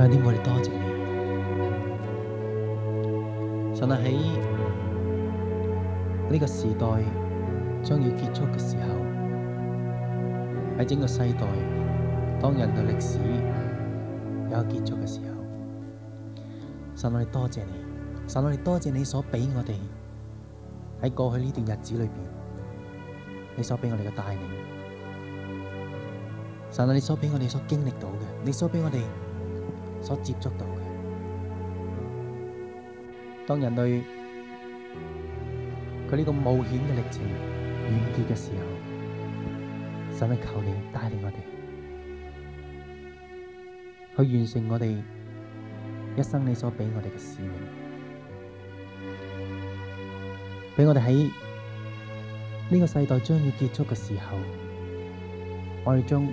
神我哋多謝，謝你，神啊，喺呢個時代將要結束嘅時候，喺整個世代，當人類歷史有結束嘅時候，神我哋多謝，謝你，神我哋多謝，謝你所俾我哋喺過去呢段日子裏邊，你所俾我哋嘅帶領，神啊你所俾我哋所經歷到嘅，你所俾我哋。所接觸到嘅，當人類佢呢個冒險嘅歷程完結嘅時候，神啊求你帶領我哋去完成我哋一生你所俾我哋嘅使命，俾我哋喺呢個世代將要結束嘅時候，我哋將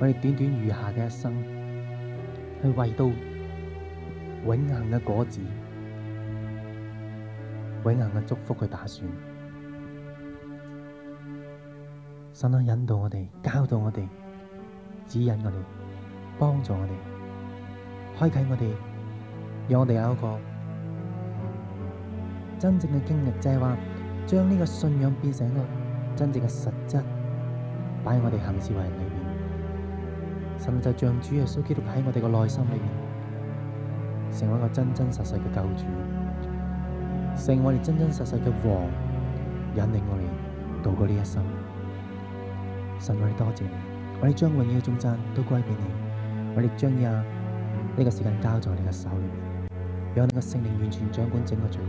我哋短短餘下嘅一生，去為到永恒嘅果子，永恒嘅祝福去打算，神能引導我哋、教導我哋、指引我哋、幫助我哋、開啟我哋，讓我哋有一個真正嘅經歷就，就係話將呢個信仰變成一個真正嘅實質，擺我哋行事為人。神就像主耶穌基督喺我哋嘅內心裏面成為一個真真實實嘅救主，成為我哋真真實實嘅王，引領我哋度過呢一生。神，我哋多謝你，我哋將榮耀嘅頌讚都歸俾你，我哋將日呢個時間交在你嘅手裏面，讓你嘅聖靈完全掌管整個聚會。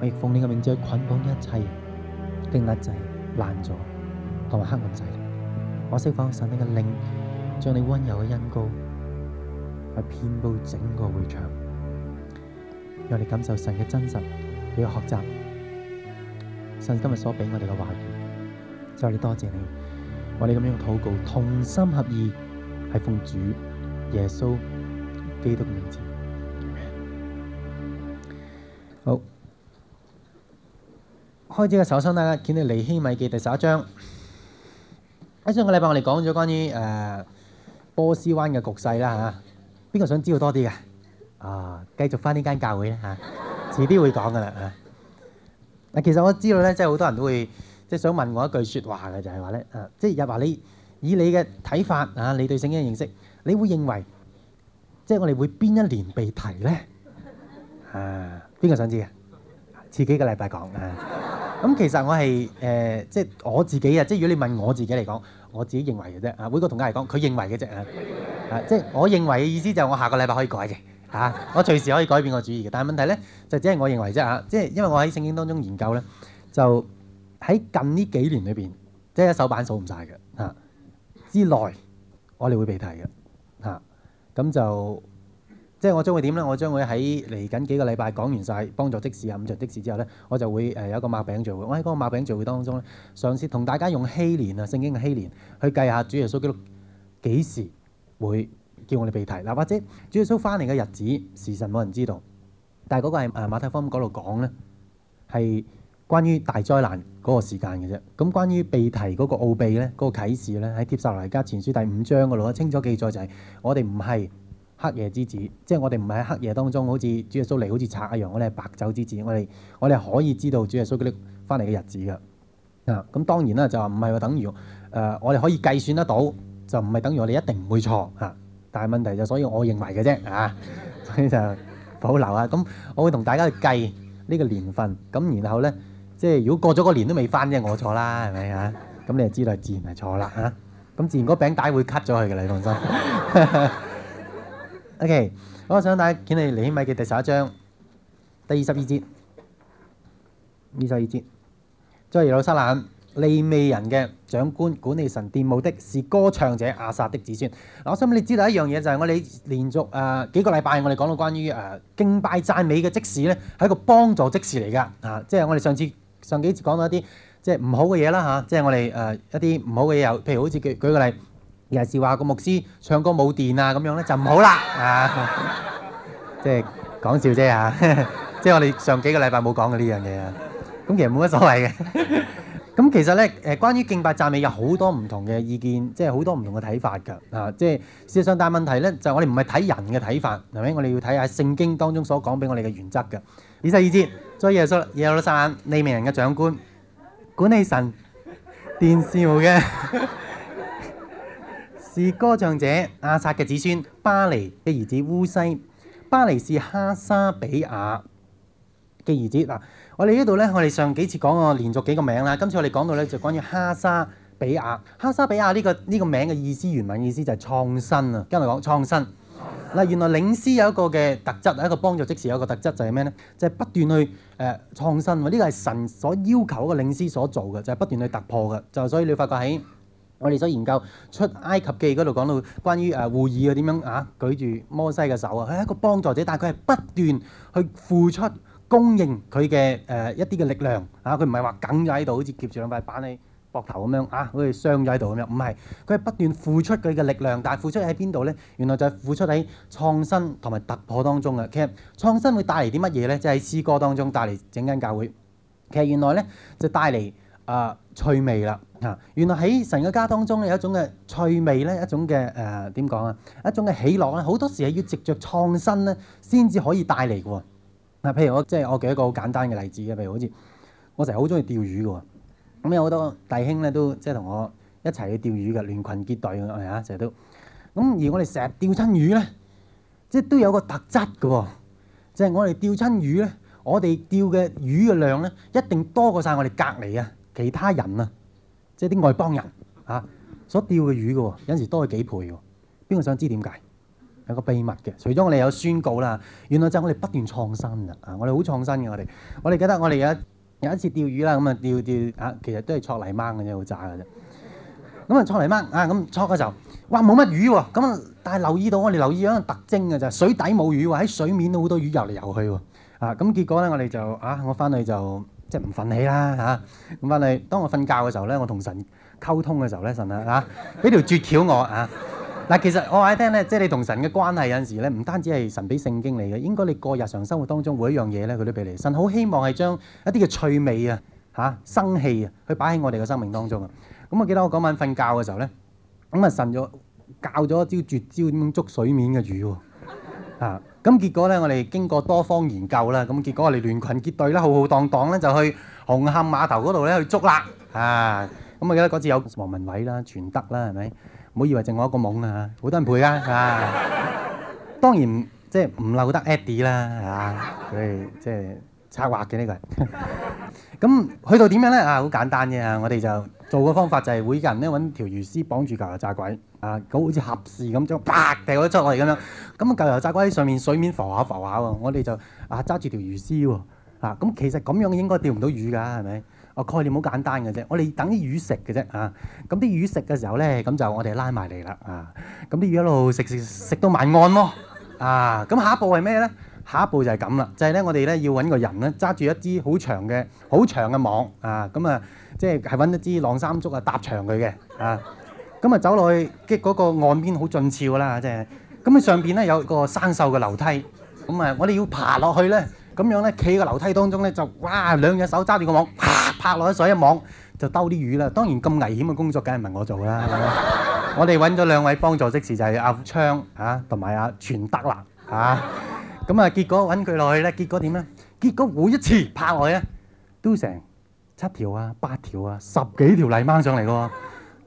我亦奉你嘅名字，去捆綁一切嘅壓制、攔阻同埋黑暗仔。我釋放神你嘅靈，將你温柔嘅恩膏去遍布整個會場，讓你感受神嘅真實，俾佢學習神今日所俾我哋嘅話語。再次多謝你，我哋咁樣嘅禱告，同心合意係奉主耶穌基督嘅名字。好，開始嘅手心啦，見《尼希米記》第十一章。喺上個禮拜我哋講咗關於誒、呃、波斯灣嘅局勢啦嚇，邊、啊、個想知道多啲嘅？啊，繼續翻呢間教會咧嚇、啊，遲啲會講噶啦嚇。嗱、啊啊，其實我知道咧，即係好多人都會即係想問我一句説話嘅，就係話咧，啊，即係又話你以你嘅睇法啊，你對聖經嘅認識，你會認為即係我哋會邊一年被提咧？啊，邊個想知嘅？遲幾個禮拜講啊。咁其實我係誒、呃，即係我自己啊！即係如果你問我自己嚟講，我自己認為嘅啫啊。每個同家嚟講佢認為嘅啫啊，即係我認為嘅意思就係我下個禮拜可以改嘅嚇、啊，我隨時可以改變個主意嘅。但係問題咧就只係我認為啫嚇、啊，即係因為我喺聖經當中研究咧，就喺近呢幾年裏邊，即係一手板數唔晒嘅嚇之內，我哋會被提嘅嚇咁就。即係我將會點咧？我將會喺嚟緊幾個禮拜講完晒，幫助的士啊五場的士之後咧，我就會誒有一個馬餅聚會。我喺嗰個馬餅聚會當中咧，嘗試同大家用希年啊聖經嘅希年去計下主耶穌基督幾時會叫我哋被提。嗱，或者主耶穌翻嚟嘅日子時辰冇人知道，但係嗰個係誒馬太福音嗰度講咧，係關於大災難嗰個時間嘅啫。咁關於被提嗰個奧秘咧，嗰、嗰個啟示咧喺帖撒羅尼迦前書第五章度咯，清楚記載就係我哋唔係黑夜之子，即係我哋唔係喺黑夜當中，好似主耶穌嚟，好似賊一樣。我哋係白晝之子，我哋我哋可以知道主耶穌佢哋翻嚟嘅日子㗎。啊，咁當然啦，就唔係話等於誒、呃，我哋可以計算得到，就唔係等於我哋一定唔會錯嚇、啊。但係問題就，所以我認為嘅啫啊，所以就保留啊。咁我會同大家去計呢個年份，咁然後咧，即係如果過咗個年都未翻即係，我錯啦，係咪啊？咁你就知道自然係錯啦嚇。咁、啊、自然嗰餅帶會 cut 咗佢嘅，你放心。 O.K.，咁我想大家睇下利希米嘅第十一章，第二十二節，二十二節，在耶路撒冷利未人嘅長官管理神殿務的，是歌唱者亞薩的子孫。嗱，我想俾你知道一樣嘢，就係、是、我哋連續誒、呃、幾個禮拜，我哋講到關於誒、呃、敬拜讚美嘅即時咧，係一個幫助即時嚟㗎嚇，即係我哋上次上幾次講到一啲即係唔好嘅嘢啦吓，即係、啊、我哋誒、呃、一啲唔好嘅嘢譬如好似舉舉個例。又是話個牧師唱歌冇電啊，咁樣咧就唔好啦啊，即係講笑啫嚇，即係我哋上幾個禮拜冇講過呢樣嘢啊，咁其實冇乜所謂嘅。咁其實咧誒，關於敬拜讚美有好多唔同嘅意見，即係好多唔同嘅睇法㗎啊！即係事實上大問題咧就係我哋唔係睇人嘅睇法，係咪？我哋要睇下聖經當中所講俾我哋嘅原則㗎。二十二節，再耶穌耶路撒冷利未人嘅長官管理神殿事務嘅。是歌唱者亞薩嘅子孫巴尼嘅兒子烏西，巴尼是哈沙比亞嘅兒子嗱。我哋呢度咧，我哋上幾次講過連續幾個名啦。今次我哋講到咧就關於哈沙比亞。哈沙比亞呢個呢個名嘅意思原文意思就係創新啊。今日我講創新嗱，原來領詩有一個嘅特質，一個幫助，即時有一個特質就係咩咧？就係不斷去誒創新。呢個係神所要求一個領詩所做嘅，就係不斷去突破嘅。就所以你會發覺喺我哋所研究《出埃及記》嗰度講到關於誒戶珥又點樣啊舉住摩西嘅手啊，佢係一個幫助者，但係佢係不斷去付出、供應佢嘅誒一啲嘅力量啊。佢唔係話梗咗喺度，好似夾住兩塊板喺膊頭咁樣啊，好似傷咗喺度咁樣，唔係佢係不斷付出佢嘅力量，但係付出喺邊度咧？原來就係付出喺創新同埋突破當中嘅。其實創新會帶嚟啲乜嘢咧？就係喺詩歌當中帶嚟整間教會。其實原來咧就帶嚟。啊！趣味啦嚇、啊，原來喺神嘅家當中有一種嘅趣味咧，一種嘅誒點講啊，一種嘅喜樂咧。好多時係要藉着創新咧，先至可以帶嚟嘅。嗱、啊，譬如我即係我舉一個好簡單嘅例子嘅，譬如好似我成日好中意釣魚嘅咁，有好多弟兄咧都即係同我一齊去釣魚嘅，聯群結隊嚇成日都咁。而我哋成日釣親魚咧，即係都有個特質嘅，即係，就係我哋釣親魚咧，我哋釣嘅魚嘅量咧一定多過晒我哋隔離啊！其他人啊，即係啲外邦人啊，所釣嘅魚嘅、哦、有陣時多佢幾倍嘅、哦，邊個想知點解？有個秘密嘅。除咗我哋有宣告啦，原來就我哋不斷創新啦。啊，我哋好創新嘅，我哋。我哋記得我哋有有一次釣魚啦，咁啊釣釣啊，其實都係搓泥掹嘅啫，好渣嘅啫。咁啊搓泥掹啊咁搓嘅時候，哇冇乜魚喎、啊。咁但係留意到我哋留意咗個特徵嘅就係水底冇魚喎，喺水面都好多魚游嚟游去喎、啊。啊咁、啊、結果咧我哋就啊我翻去就。即係唔忿氣啦嚇，咁返嚟當我瞓覺嘅時候咧，我同神溝通嘅時候咧，神啊嚇俾、啊、條絕招我啊！嗱、啊，其實我話你聽咧，即係你同神嘅關係有陣時咧，唔單止係神俾聖經你嘅，應該你過日常生活當中每一樣嘢咧，佢都俾你。神好希望係將一啲嘅趣味啊、嚇生氣啊，去擺喺我哋嘅生命當中啊。咁我記得我嗰晚瞓覺嘅時候咧，咁啊神就教咗一招絕招，點樣捉水面嘅魚喎。啊咁結果咧，我哋經過多方研究啦，咁結果我哋聯群結隊啦，浩浩蕩蕩咧就去紅磡碼頭嗰度咧去捉啦，啊，咁我記得嗰次有黃文偉啦、全德啦，係咪？唔好以為淨我一個懵啊，好多人陪㗎，啊， 當然即係唔漏得 Eddie 啦、啊，係嘛？佢即係策劃嘅呢個，咁 去到點樣咧？啊，好簡單嘅啊，我哋就做嘅方法就係會人咧搵條魚絲綁住嚿炸鬼。啊，好似合氏咁將啪掉咗出嚟咁樣，咁啊舊油炸鬼喺上面水面浮下浮下喎，我哋就啊揸住條魚絲喎，啊咁其實咁樣應該釣唔到魚噶，係咪？啊概念好簡單嘅啫，我哋等啲魚食嘅啫啊，咁啲魚食嘅時候咧，咁就我哋拉埋嚟啦啊，咁啲魚一路食食食到晚安喎，啊咁、啊啊、下一步係咩咧？下一步就係咁啦，就係、是、咧我哋咧要揾個人咧揸住一支好長嘅好長嘅網啊，咁啊即係係揾一支晾衫竹啊搭長佢嘅啊。就是咁啊，走落去，即嗰個岸邊好俊俏噶啦，即係。咁啊，上邊咧有個生鏽嘅樓梯。咁啊，我哋要爬落去咧，咁樣咧，企喺個樓梯當中咧，就哇兩隻手揸住個網，啪拍落喺水一網，就兜啲魚啦。當然咁危險嘅工作，梗係唔係我做啦。我哋揾咗兩位幫助職事，就係阿昌啊，同埋阿全德啦。啊，咁啊，結果揾佢落去咧，結果點咧？結果每一次拍落去啊，都成七條啊、八條啊、十幾條泥掹上嚟嘅喎。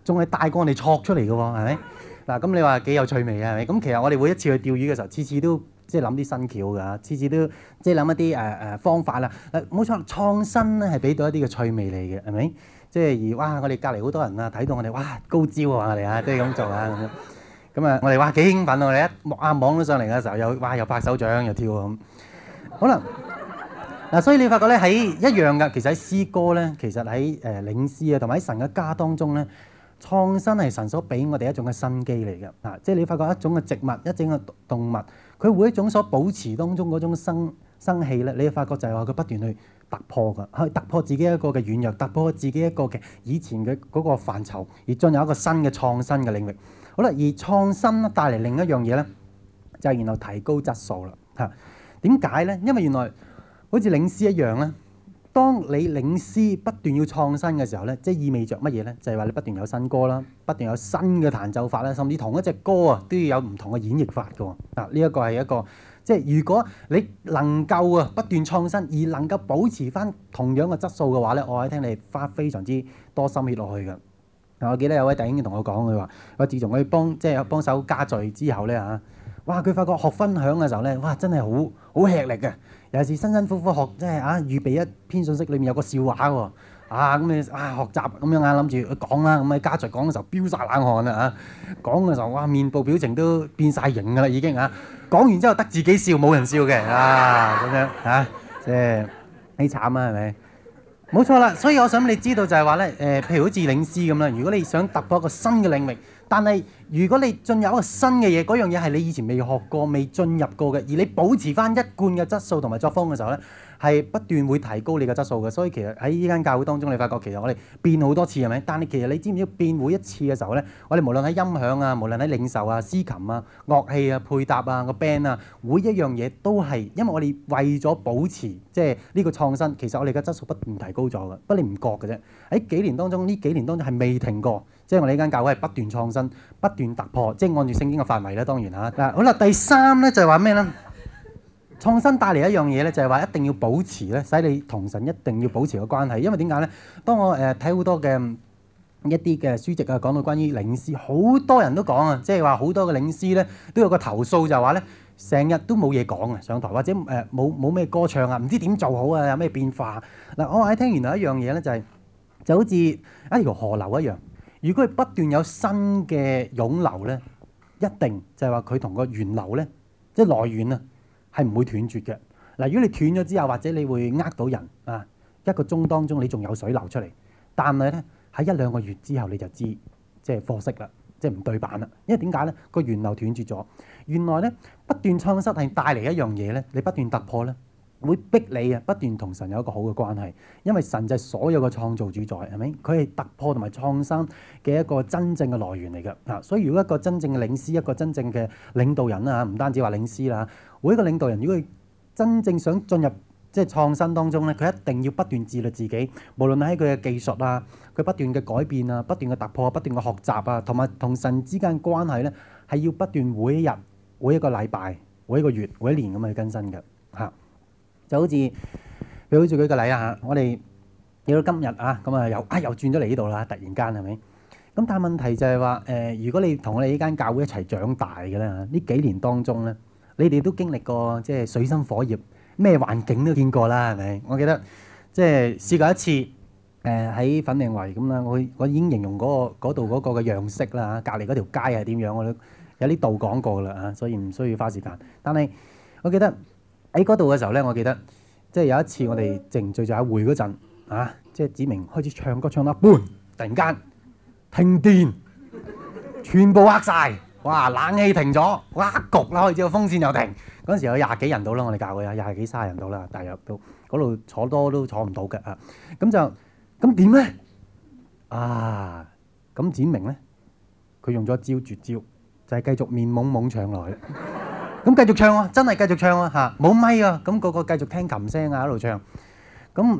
仲係大過人哋撮出嚟嘅喎，係咪嗱？咁你話幾有趣味啊？係咪咁？其實我哋每一次去釣魚嘅時候，次次都即係諗啲新橋㗎，次次都即係諗一啲誒誒方法啦。誒冇錯，創新咧係俾到一啲嘅趣味嚟嘅，係咪？即係而哇！我哋隔離好多人啊，睇到我哋哇高招啊！我哋啊，即係咁做啊咁樣咁啊！我哋哇幾興奮啊！我哋一網啊網到上嚟嘅時候，又哇又拍手掌又跳咁。好啦嗱，所以你發覺咧，喺一樣㗎，其實喺詩歌咧，其實喺誒領詩啊，同埋喺神嘅家當中咧。創新係神所俾我哋一種嘅生機嚟嘅，啊，即係你發覺一種嘅植物、一種嘅動物，佢會一種所保持當中嗰種生生氣咧，你發覺就係話佢不斷去突破嘅，去突破自己一個嘅軟弱，突破自己一個嘅以前嘅嗰個範疇，而進入一個新嘅創新嘅領域。好啦，而創新帶嚟另一樣嘢咧，就係、然後提高質素啦。嚇，點解咧？因為原來好似領師一樣咧。當你領詩不斷要創新嘅時候咧，即係意味著乜嘢咧？就係話你不斷有新歌啦，不斷有新嘅彈奏法啦，甚至同一隻歌啊都要有唔同嘅演繹法㗎喎。嗱，呢一個係一個，即係如果你能夠啊不斷創新而能夠保持翻同樣嘅質素嘅話咧，我係聽你花非常之多心血落去嘅。嗱，我記得有位弟兄同我講，佢話：我自從佢幫即係幫手加聚之後咧嚇，哇！佢發覺學分享嘅時候咧，哇！真係好好吃力嘅。有時辛辛苦苦學，即係啊，預備一篇信息裏面有個笑話喎、哦。啊，咁、嗯、你啊學習咁樣啊，諗住去講啦、啊。咁啊家在講嘅時候，飆晒冷汗啦、啊、嚇、啊。講嘅時候，哇，面部表情都變晒型噶啦，已經啊，講完之後得自己笑，冇人笑嘅啊咁樣啊，即係幾慘啊，係咪？冇錯啦，所以我想你知道就係話咧，誒，譬如好似領詩咁啦，如果你想突破一個新嘅領域，但係如果你進入一個新嘅嘢，嗰樣嘢係你以前未學過、未進入過嘅，而你保持返一貫嘅質素同埋作風嘅時候咧。係不斷會提高你嘅質素嘅，所以其實喺呢間教會當中，你發覺其實我哋變好多次，係咪？但係其實你知唔知變每一次嘅時候咧，我哋無論喺音響啊，無論喺領袖啊、司琴啊、樂器啊、配搭啊、個 band 啊，每一樣嘢都係因為我哋為咗保持即係呢個創新。其實我哋嘅質素不斷提高咗嘅，不你唔覺嘅啫。喺幾年當中，呢幾年當中係未停過，即係我哋呢間教會係不斷創新、不斷突破。即係按住聖經嘅範圍啦。當然吓，嗱好啦，第三咧就係話咩咧？創新帶嚟一樣嘢咧，就係、是、話一定要保持咧，使你同神一定要保持個關係。因為點解咧？當我誒睇好多嘅一啲嘅書籍啊，講到關於領詩，好多人都講啊，即係話好多嘅領詩咧都有個投訴就，就話咧成日都冇嘢講啊，上台或者誒冇冇咩歌唱啊，唔知點做好啊，有咩變化？嗱、呃，我喺聽完原來一樣嘢咧，就係就好似一條河流一樣，如果佢不斷有新嘅湧流咧，一定就係話佢同個源流咧，即、就、係、是、來源啊。係唔會斷絕嘅。嗱，如果你斷咗之後，或者你會呃到人啊，一個鐘當中你仲有水流出嚟，但係咧喺一兩個月之後你就知即係貨色啦，即係唔對版啦。因為點解咧？個源流斷絕咗，原來咧不斷創新係帶嚟一樣嘢咧，你不斷突破咧，會逼你啊不斷同神有一個好嘅關係，因為神就係所有嘅創造主宰，係咪？佢係突破同埋創新嘅一個真正嘅來源嚟嘅。啊。所以如果一個真正嘅領師，一個真正嘅領導人啦，唔單止話領師啦。每一個領導人，如果佢真正想進入即係創新當中咧，佢一定要不斷自律自己。無論喺佢嘅技術啊，佢不斷嘅改變啊，不斷嘅突破，不斷嘅學習啊，同埋同神之間關係咧，係要不斷每一日、每一個禮拜、每一個月、每一年咁去更新嘅嚇、啊。就好似你好似舉個例啊，我哋到今日啊，咁啊又啊又轉咗嚟呢度啦，突然間係咪？咁但係問題就係話誒，如果你同我哋呢間教會一齊長大嘅咧，呢、啊、幾年當中咧。你哋都經歷過即係水深火熱，咩環境都見過啦，係咪？我記得即係試過一次，誒喺粉嶺圍咁啦，我我已經形容嗰個嗰度嗰個嘅樣式啦嚇，隔離嗰條街係點樣我都有啲度講過啦嚇，所以唔需要花時間。但係我記得喺嗰度嘅時候咧，我記得即係有一次我哋靜聚就喺會嗰陣啊，即係子明開始唱歌唱到一半，突然間停電，全部黑曬。哇！冷氣停咗，哇焗啦，可以知道風扇又停。嗰陣時有廿幾人到啦，我哋教佢廿廿幾卅人到啦，大約都嗰度坐多都坐唔到嘅啊。咁就咁點咧？啊，咁展、啊、明咧，佢用咗招絕招，就係、是、繼續面懵懵唱落去。咁 繼續唱啊，真係繼續唱啊嚇，冇咪啊，咁、啊那個個繼續聽琴聲啊，一路唱。咁、啊、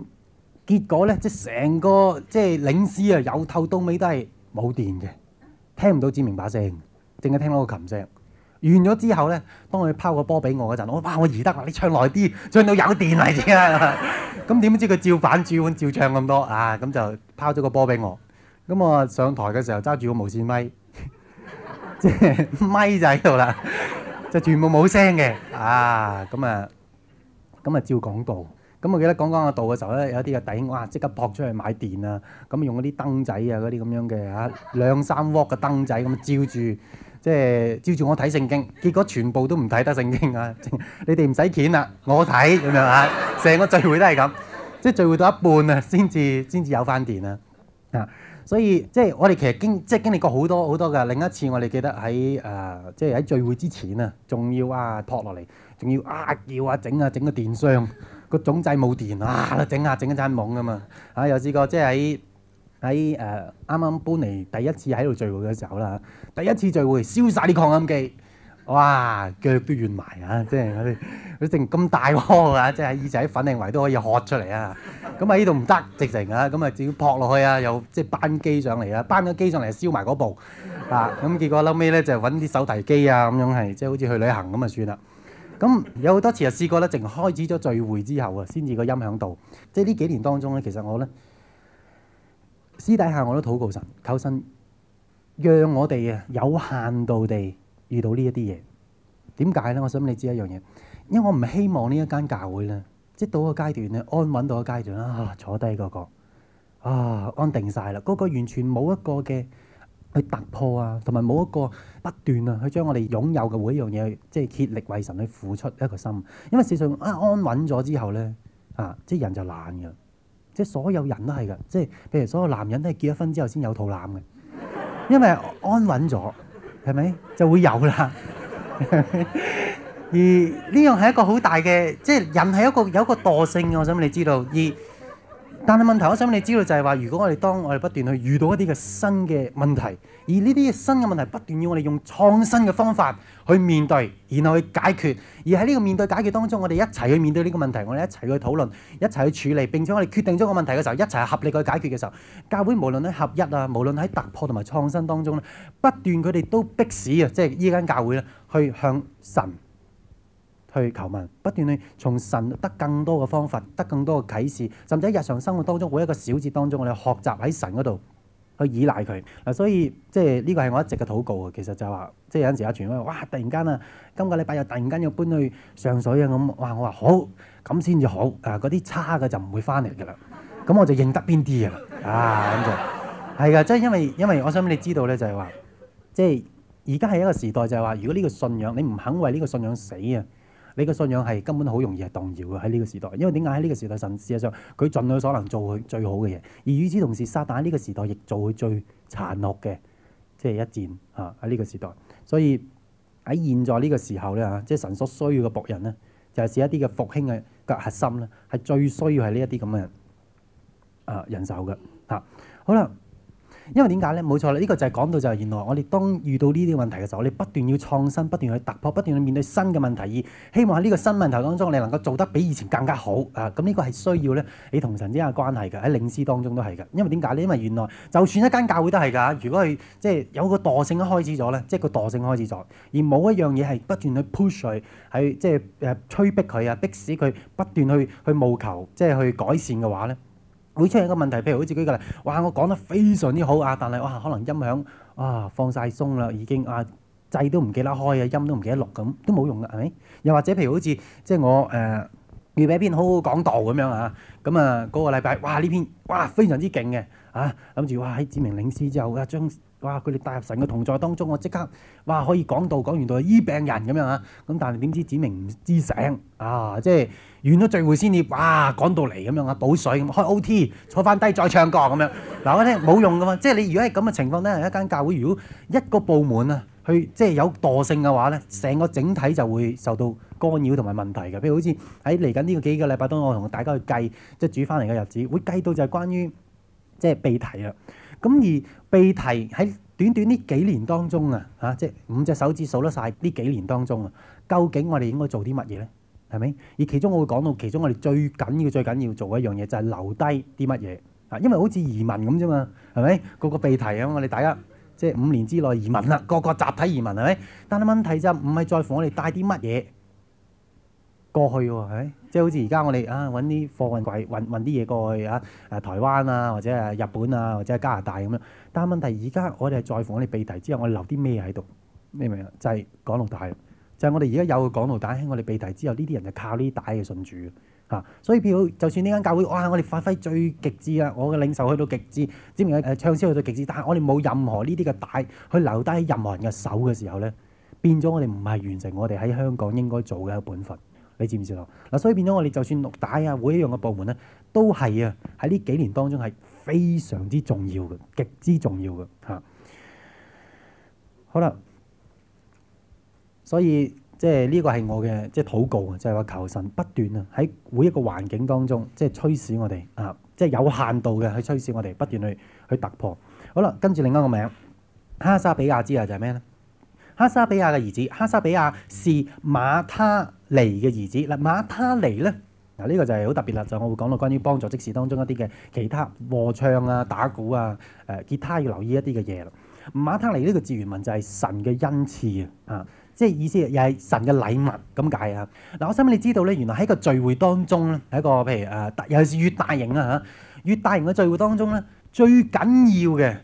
結果咧，即係成個即係領詩啊，由頭到尾都係冇電嘅，聽唔到展明把聲。正係聽到個琴聲完咗之後咧，當佢拋個波俾我嗰陣，我哇我宜得啦！你唱耐啲，唱到有電嚟先啦。咁點、 啊、知佢照反主般照唱咁多啊？咁、嗯、就拋咗個波俾我。咁、嗯、我上台嘅時候揸住個無線咪，即係 咪就喺度啦，就全部冇聲嘅啊。咁、嗯、啊，咁、嗯、啊、嗯嗯嗯、照講道。咁、嗯、我、嗯、記得講講個道嘅時候咧，有啲個弟兄哇即刻撲出去買電啊！咁、嗯、用嗰啲燈仔啊，嗰啲咁樣嘅嚇兩三鑊嘅燈仔咁、嗯、照住。即係照住我睇聖經，結果全部都唔睇得聖經啊！你哋唔使錢啊，我睇咁樣啊！成 個聚會都係咁，即係聚會到一半啊，先至先至有返電啊！啊，所以即係我哋其實經即係經歷過好多好多嘅。另一次我哋記得喺誒、啊，即係喺聚會之前啊，仲要啊撲落嚟，仲要啊叫啊整啊整個電箱，個總掣冇電啊整下、啊整，啊、整一陣懵啊嘛！啊有試過即係喺。喺誒啱啱搬嚟第一次喺度聚會嘅時候啦，第一次聚會燒晒啲擴音機，哇腳都軟埋啊！即係啲，佢淨咁大鑊啊，即係以前喺粉定圍都可以喝出嚟啊！咁啊呢度唔得，直情啊咁啊，只要撲落去啊，又即係扳機上嚟啦，扳咗機上嚟燒埋嗰部啊！咁結果嬲尾咧就揾啲手提機啊，咁樣係即係好似去旅行咁啊，算啦。咁有好多次啊試過咧，淨開始咗聚會之後啊，先至個音響度。即係呢幾年當中咧，其實我咧。私底下我都禱告神，求神讓我哋啊有限度地遇到呢一啲嘢。點解咧？我想你知一樣嘢，因為我唔希望呢一間教會咧，即到一個階段咧，安穩到一個階段啦、啊，坐低嗰、那個啊安定晒啦，嗰、那個完全冇一個嘅去突破啊，同埋冇一個不斷啊去將我哋擁有嘅每一樣嘢，即係竭力為神去付出一個心。因為事實上啊，安穩咗之後咧啊，即人就懶嘅。即係所有人都係㗎，即係譬如所有男人都係結咗婚之後先有肚腩嘅，因為安穩咗，係咪就會有啦？ 而呢樣係一個好大嘅，即係人係一個有一個惰性嘅，我想你知道而。但係問題，我想你知道就係話，如果我哋當我哋不斷去遇到一啲嘅新嘅問題，而呢啲新嘅問題不斷要我哋用創新嘅方法去面對，然後去解決，而喺呢個面對解決當中，我哋一齊去面對呢個問題，我哋一齊去討論，一齊去處理，並且我哋決定咗個問題嘅時候，一齊合力去解決嘅時候，教會無論喺合一啊，無論喺突破同埋創新當中咧，不斷佢哋都迫使啊，即係依間教會咧去向神。去求問，不斷去從神得更多嘅方法，得更多嘅啟示，甚至喺日常生活當中每一個小節當中，我哋學習喺神嗰度去依賴佢嗱、啊，所以即係呢個係我一直嘅禱告啊。其實就係話，即係有陣時阿全話：哇，突然間啊，今個禮拜又突然間要搬去上水啊咁。哇，我話好咁先至好啊，嗰啲差嘅就唔會翻嚟嘅啦。咁 我就認得邊啲啊？啊咁就係㗎，即係因為因為我想你知道咧，就係話，即係而家係一個時代，就係話，如果呢個信仰你唔肯為呢個信仰死啊！你個信仰係根本好容易係動搖嘅，喺呢個時代。因為點解？喺呢個時代神，事實上佢盡佢所能做佢最好嘅嘢，而與此同時，撒旦呢個時代亦做佢最殘酷嘅即係一戰嚇，喺呢個時代，所以喺現在呢個時候咧嚇，即係神所需要嘅僕人咧，就係一啲嘅復興嘅嘅核心咧，係最需要係呢一啲咁嘅啊人手嘅嚇，好啦。因為點解咧？冇錯啦，呢、這個就係講到就係原來我哋當遇到呢啲問題嘅時候，我哋不斷要創新，不斷去突破，不斷去面對新嘅問題，而希望喺呢個新問題當中，你能夠做得比以前更加好啊！咁、這、呢個係需要咧，你同神之間嘅關係嘅喺領詩當中都係嘅。因為點解咧？因為原來就算一間教會都係㗎，如果係即係有個惰性一開始咗咧，即係個惰性開始咗、就是，而冇一樣嘢係不斷去 push 佢，喺即係誒催逼佢啊，逼使佢不斷去去務求，即、就、係、是、去改善嘅話咧。會出現一個問題，譬如好似舉個例，哇！我講得非常之好啊，但係哇，可能音響啊放晒鬆啦，已經啊掣都唔記得開啊，音都唔記得錄咁，都冇用嘅，係咪？又或者譬如好似即係我誒、呃、要寫一篇好好講道咁樣啊，咁啊嗰個禮拜，哇呢篇哇非常之勁嘅啊，諗住哇喺指明領師之後啊將哇佢哋帶入神嘅同在當中，我即刻哇可以講道講完道醫病人咁樣啊，咁但係點知指明唔知醒啊，即係。完咗聚會先，至哇趕到嚟咁樣啊，補水咁，開 OT 坐翻低再唱歌咁樣。嗱，我聽冇用噶嘛，即係你如果係咁嘅情況咧，一間教會如果一個部門啊，去即係有惰性嘅話咧，成個整體就會受到干擾同埋問題嘅。譬如好似喺嚟緊呢個幾個禮拜當我同大家去計即係主翻嚟嘅日子，會計到就係關於即係被提啊。咁而被提喺短短呢幾年當中啊，嚇即係五隻手指數得晒呢幾年當中啊，究竟我哋應該做啲乜嘢咧？係咪？而其中我會講到其中我哋最緊要、最緊要做嘅一樣嘢，就係留低啲乜嘢啊？因為好似移民咁啫嘛，係咪？個個被提啊！我哋大家即係五年之內移民啦，個個集體移民，係咪？但係問題就唔係在乎我哋帶啲乜嘢過去喎，係咪？即係好似而家我哋啊揾啲貨運櫃運啲嘢過去啊，誒台灣啊，或者誒日本啊，或者加拿大咁樣。但係問題而家我哋係在乎我哋被提之後，我哋留啲咩喺度？你明啊？就係講到大。但我哋而家有個港奴帶，喺我哋被提之後，呢啲人就靠呢啲帶嘅信主。嚇。所以譬如就算呢間教會，哇！我哋發揮最極致啊，我嘅領袖去到極致，知唔知？誒唱詩去到極致，但係我哋冇任何呢啲嘅帶去留低喺任何人嘅手嘅時候咧，變咗我哋唔係完成我哋喺香港應該做嘅一個本分。你知唔知道？嗱，所以變咗我哋就算錄帶啊，每一樣嘅部門咧，都係啊喺呢幾年當中係非常之重要嘅，極之重要嘅嚇。好啦。所以即係呢個係我嘅即係禱告啊，就係話求神不斷啊，喺每一個環境當中，即係驅使我哋啊，即係有限度嘅去驅使我哋不斷去去突破。好啦，跟住另一個名哈沙比亞之啊就係咩咧？哈沙比亞嘅兒子，哈沙比亞是馬他尼嘅兒子嗱。馬他尼咧嗱，呢個就係好特別啦。就我會講到關於幫助即時當中一啲嘅其他和唱啊、打鼓啊、誒吉他要留意一啲嘅嘢啦。馬他尼呢個字原文就係神嘅恩賜啊。即係意思又係神嘅禮物咁解啊！嗱，我想問你知道咧，原來喺個聚會當中咧，喺個譬如誒，尤其是越大型啊嚇，越大型嘅聚會當中咧，最緊要嘅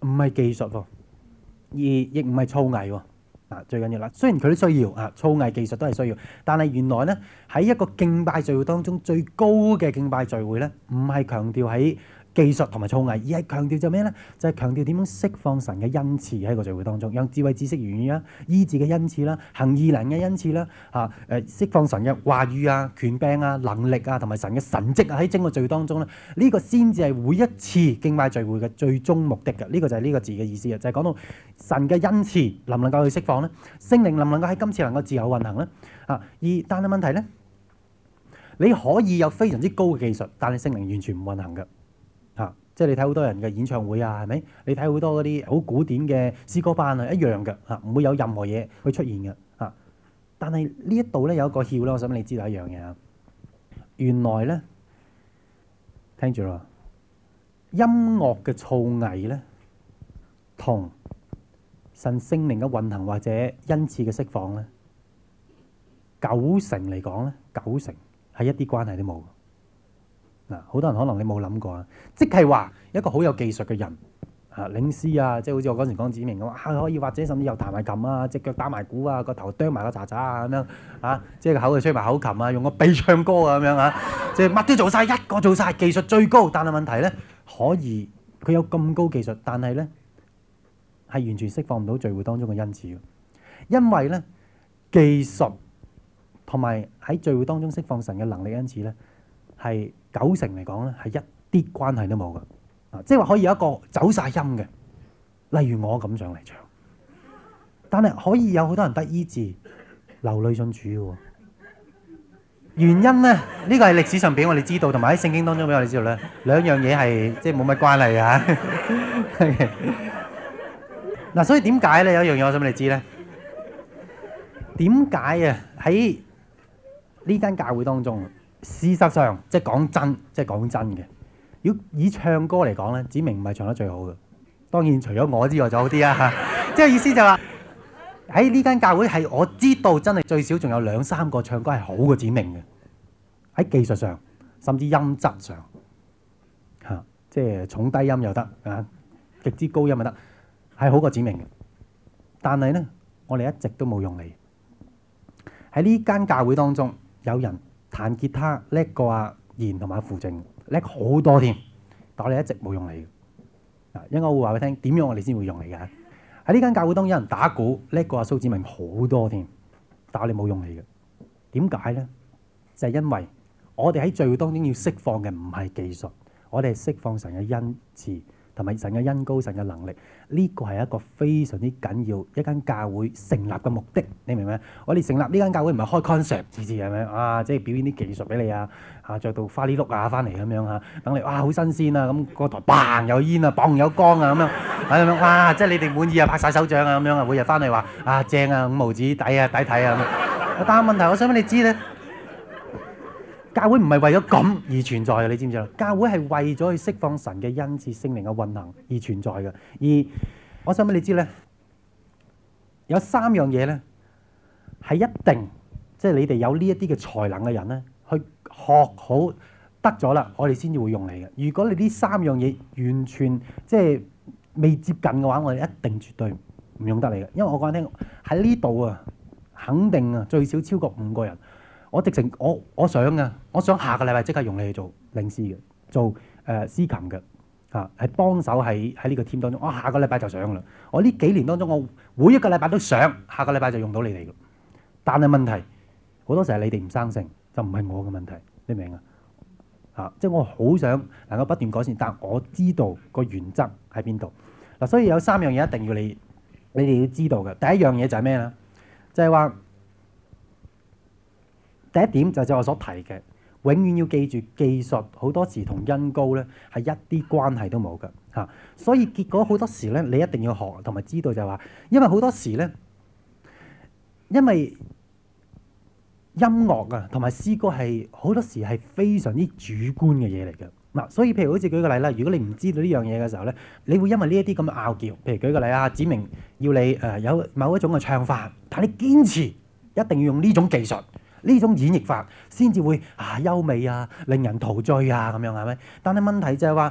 唔係技術喎，而亦唔係操藝喎。嗱，最緊要啦，雖然佢都需要啊，操藝、技術都係需要，但係原來咧喺一個敬拜聚會當中，最高嘅敬拜聚會咧，唔係強調喺技術同埋創藝，而係強調就咩呢？就係、是、強調點樣釋放神嘅恩賜喺個聚會當中，讓智慧、知識語、語言啦、醫治嘅恩賜啦、行異能嘅恩賜啦，嚇、啊、誒釋放神嘅話語啊、權柄啊、能力啊，同埋神嘅神跡啊，喺整個聚會當中咧，呢、這個先至係每一次敬拜聚會嘅最終目的㗎。呢、這個就係呢個字嘅意思啊，就係、是、講到神嘅恩賜能唔能夠去釋放呢？聖靈能唔能夠喺今次能夠自由運行呢？啊，而但係問題呢，你可以有非常之高嘅技術，但係聖靈完全唔運行㗎。即係你睇好多人嘅演唱會啊，係咪？你睇好多嗰啲好古典嘅詩歌班係一樣嘅嚇，唔會有任何嘢去出現嘅嚇。但係呢一度咧，有一個竅啦，我想俾你知道一樣嘢。原來咧，聽住啦，音樂嘅造詣咧，同神聖靈嘅運行或者恩賜嘅釋放咧，九成嚟講咧，九成係一啲關係都冇。嗱，好多人可能你冇諗過、就是、啊，啊，即係話一個好有技術嘅人啊，領詩啊，即係好似我嗰時講指明咁啊，可以或者甚至又彈埋琴啊，隻腳打埋鼓啊，個頭啄埋個咋咋啊咁、啊、樣啊，即係個口又吹埋口琴啊，用個鼻唱歌啊咁樣啊，即係乜都做晒，一個做晒技術最高，但係問題咧，可以佢有咁高技術，但係咧係完全釋放唔到聚會當中嘅恩賜。因為咧技術同埋喺聚會當中釋放神嘅能力恩賜咧係。九成嚟講咧，係一啲關係都冇噶，啊，即係話可以有一個走晒音嘅，例如我咁上嚟唱，但係可以有好多人得醫治、流淚信主嘅，原因咧，呢個係歷史上俾我哋知道，同埋喺聖經當中俾我哋知道咧，兩樣嘢係即係冇乜關係嘅嗱， 所以點解咧有一樣嘢我想俾你知咧？點解啊？喺呢間教會當中？事實上，即係講真，即係講真嘅。如果以唱歌嚟講咧，子明唔係唱得最好嘅。當然除咗我之外，就好啲啦。即係意思就話喺呢間教會係我知道真，真係最少仲有兩三個唱歌係好過子明嘅。喺技術上，甚至音質上嚇，啊，即係重低音又得啊，極之高音又得，係好過子明嘅。但係呢，我哋一直都冇用你。喺呢間教會當中有人彈吉他叻過阿賢同埋阿傅靜叻好多添，但我哋一直冇用你嘅。啊，應該我會話畀你聽點樣我哋先會用你㗎。喺呢間教會當有人打鼓叻過阿蘇子明好多添，但我哋冇用你嘅。點解呢？就係因為我哋喺聚會當中要釋放嘅唔係技術，我哋係釋放神嘅恩賜。同埋神嘅恩膏，神嘅能力，呢個係一個非常之緊要一間教會成立嘅目的，你明唔明？我哋成立呢間教會唔係開 concert 次次係咪啊？即係表演啲技術俾你啊，嚇著到花呢碌啊翻嚟咁樣嚇，等你哇好新鮮啊，咁個台 bang 有煙啊 bang 有光啊咁樣，係咪哇，即係你哋滿意啊，拍晒手掌啊咁樣啊，每日翻嚟話啊正啊五毫紙抵啊抵睇啊咁，但係問題我想俾你知咧。教會唔係為咗咁而存在嘅，你知唔知啊？教會係為咗去釋放神嘅恩賜、聖靈嘅運行而存在嘅。而我想俾你知咧，有三樣嘢咧係一定，即係你哋有呢一啲嘅才能嘅人咧，去學好得咗啦，我哋先至會用你嘅。如果你呢三樣嘢完全即係未接近嘅話，我哋一定絕對唔用得你嘅。因為我講緊喺呢度啊，肯定啊最少超過五個人。我直情我我想啊，我想下個禮拜即刻用你去做領詩嘅，做、誒、呃、司琴嘅嚇，係幫手喺喺呢個 team 當中。我下個禮拜就想噶啦，我呢幾年當中我每一個禮拜都想，下個禮拜就用到你哋咯。但係問題好多時候你哋唔生性，就唔係我嘅問題，你明啊？嚇，即係我好想能夠不斷改善，但我知道個原則喺邊度嗱。所以有三樣嘢一定要你你哋要知道嘅。第一樣嘢就係咩咧？就係話。第一點就係我所提嘅，永遠要記住技術好多時同音高咧係一啲關係都冇嘅吓，所以結果好多時咧你一定要學同埋知道就係話，因為好多時咧，因為音樂啊同埋詩歌係好多時係非常之主觀嘅嘢嚟嘅嗱，所以譬如好似舉個例啦，如果你唔知道呢樣嘢嘅時候咧，你會因為呢一啲咁嘅拗撬，譬如舉個例啊，指明要你誒有某一種嘅唱法，但你堅持一定要用呢種技術。呢種演繹法先至會啊優美啊，令人陶醉啊，咁樣係咪？但係問題就係話，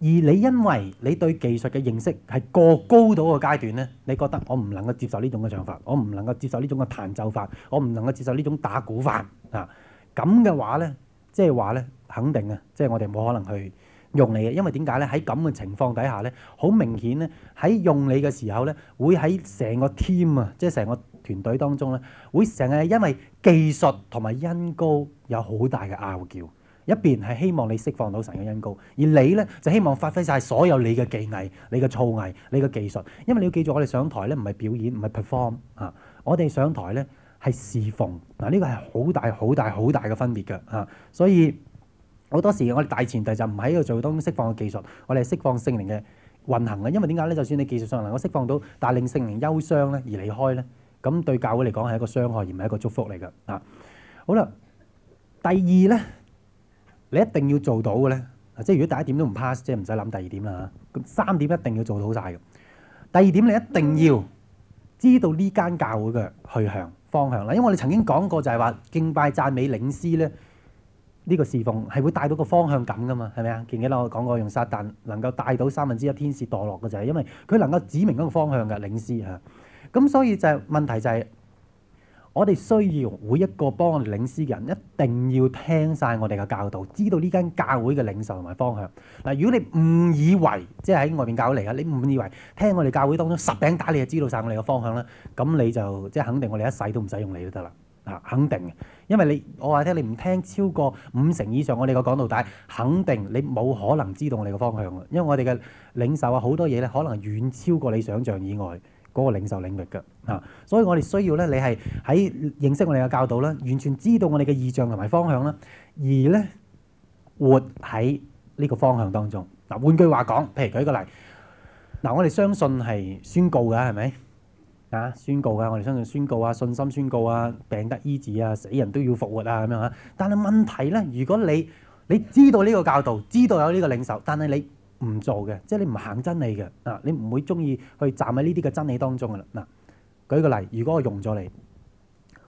而你因為你對技術嘅認識係過高度嘅階段咧，你覺得我唔能夠接受呢種嘅唱法，我唔能夠接受呢種嘅彈奏法，我唔能夠接受呢種打鼓法啊。咁嘅話咧，即係話咧，肯定啊，即係我哋冇可能去用你嘅，因為點解咧？喺咁嘅情況底下咧，好明顯咧，喺用你嘅時候咧，會喺成個 team 啊，即係成個。團隊當中咧，會成日因為技術同埋恩膏有好大嘅拗撬，一邊係希望你釋放到成個恩膏，而你咧就希望發揮曬所有你嘅技藝、你嘅創藝、你嘅技術。因為你要記住，我哋上台咧唔係表演，唔係 perform 啊！我哋上台咧係侍奉嗱，呢個係好大、好大、好大嘅分別㗎嚇。所以好多時我哋大前提就唔喺度做當中釋放嘅技術，我哋係釋放聖靈嘅運行嘅。因為點解咧？就算你技術上能夠釋放到，但令聖靈憂傷咧而離開咧。咁對教會嚟講係一個傷害，而唔係一個祝福嚟㗎。啊，好啦，第二咧，你一定要做到嘅咧，即係如果第一點都唔 pass，即係唔使諗第二點啦嚇。咁三點一定要做到晒嘅。第二點，你一定要知道呢間教會嘅去向方向啦。因為我哋曾經講過就，就係話敬拜讚美領師咧，呢、呢個侍奉係會帶到個方向感㗎嘛，係咪啊？記唔記得我講過，用撒但能夠帶到三分之一天使墮落嘅就係因為佢能夠指明嗰個方向嘅領師嚇。咁所以就係、是、問題就係，我哋需要每一個幫我哋領詩嘅人，一定要聽晒我哋嘅教導，知道呢間教會嘅領受同埋方向。嗱，如果你誤以為即係喺外面教嚟啊，你誤以為聽我哋教會當中十餅打你就知道晒我哋嘅方向啦，咁你就即係肯定我哋一世都唔使用，用你都得啦。啊，肯定因為你我話聽你唔聽超過五成以上我哋嘅講道帶，肯定你冇可能知道我哋嘅方向啊，因為我哋嘅領受啊好多嘢咧，可能係遠超過你想象以外。嗰個領受領域嘅啊，所以我哋需要咧，你係喺認識我哋嘅教導啦，完全知道我哋嘅意象同埋方向啦，而咧活喺呢個方向當中。嗱，換句話講，譬如舉個例，嗱，我哋相信係宣告嘅，係咪啊？宣告嘅，我哋相信宣告啊，信心宣告啊，病得醫治啊，死人都要復活啊，咁樣嚇。但係問題咧，如果你你知道呢個教導，知道有呢個領受，但係你，唔做嘅，即係你唔行真理嘅嗱，你唔會中意去站喺呢啲嘅真理當中噶啦嗱。舉個例，如果我用咗你，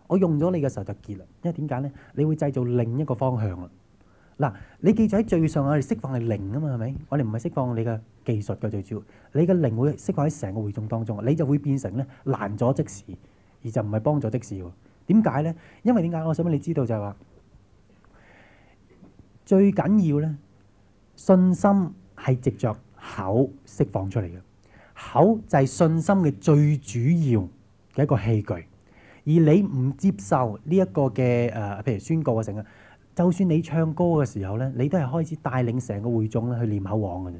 我用咗你嘅時候就結啦，因為點解咧？你會製造另一個方向啦。嗱，你記住喺最上，我哋釋放係靈啊嘛，係咪？我哋唔係釋放你嘅技術嘅最主要，你嘅靈會釋放喺成個會眾當中，你就會變成咧難咗即時，而就唔係幫助即時。點解咧？因為點解？我想俾你知道就係話最緊要咧信心。係藉着口釋放出嚟嘅口就係信心嘅最主要嘅一個器具，而你唔接受呢一個嘅誒，譬如宣告啊，成啊，就算你唱歌嘅時候咧，你都係開始帶領成個會眾咧去唸口王嘅啫。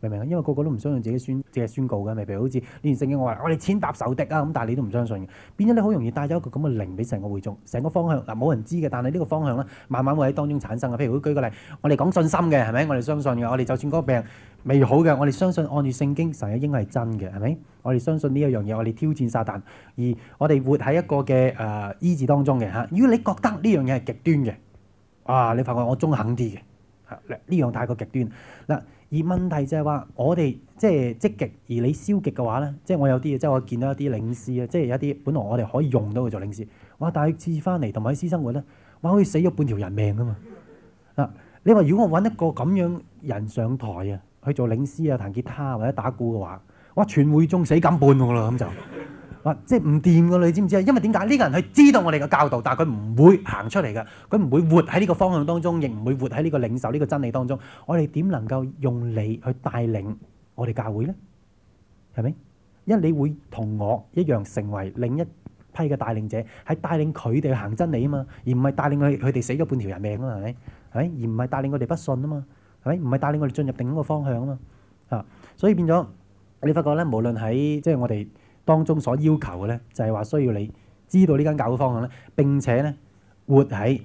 明明啊？因為個個都唔相信自己宣即係宣告嘅，譬如好似呢段聖經我話我哋踐踏仇敵啊，咁但係你都唔相信嘅，變咗你好容易帶咗一個咁嘅靈俾成個會眾，成個方向嗱冇人知嘅，但係呢個方向咧慢慢會喺當中產生嘅。譬如我舉個例，我哋講信心嘅，係咪？我哋相信嘅，我哋就算嗰個病未好嘅，我哋相信按住聖經神嘅應許係真嘅，係咪？我哋相信呢一樣嘢，我哋挑戰撒旦，而我哋活喺一個嘅誒醫治當中嘅嚇。如果你覺得呢樣嘢係極端嘅，哇、啊！你發覺我中肯啲嘅，呢、啊、樣太過極端嗱。啊。而問題就係話，我哋即係積極，而你消極嘅話咧，即係我有啲嘢，即係我見到一啲領詩啊，即係有一啲本來我哋可以用到佢做領詩，哇！但係次次翻嚟同埋喺私生活咧，哇！可以死咗半條人命啊嘛！嗱、啊，你話如果我搵一個咁樣人上台啊，去做領詩啊，彈吉他或者打鼓嘅話，哇！全會眾死咁半喎，咁就。 話即係唔掂噶啦，你知唔知啊？因為點解呢個人係知道我哋嘅教導，但係佢唔會行出嚟㗎，佢唔會活喺呢個方向當中，亦唔會活喺呢個領受呢個真理當中。我哋點能夠用你去帶領我哋教會咧？係咪？因為你會同我一樣成為另一批嘅帶領者，係帶領佢哋去行真理啊嘛，而唔係帶領佢佢哋死咗半條人命啊嘛，係咪？係咪？而唔係帶領佢哋不信啊嘛，係咪？唔係帶領佢哋進入另一個方向啊嘛。啊，所以變咗你發覺咧，無論喺即係我哋，當中所要求嘅咧，就係話需要你知道呢間教會方向咧，並且咧活喺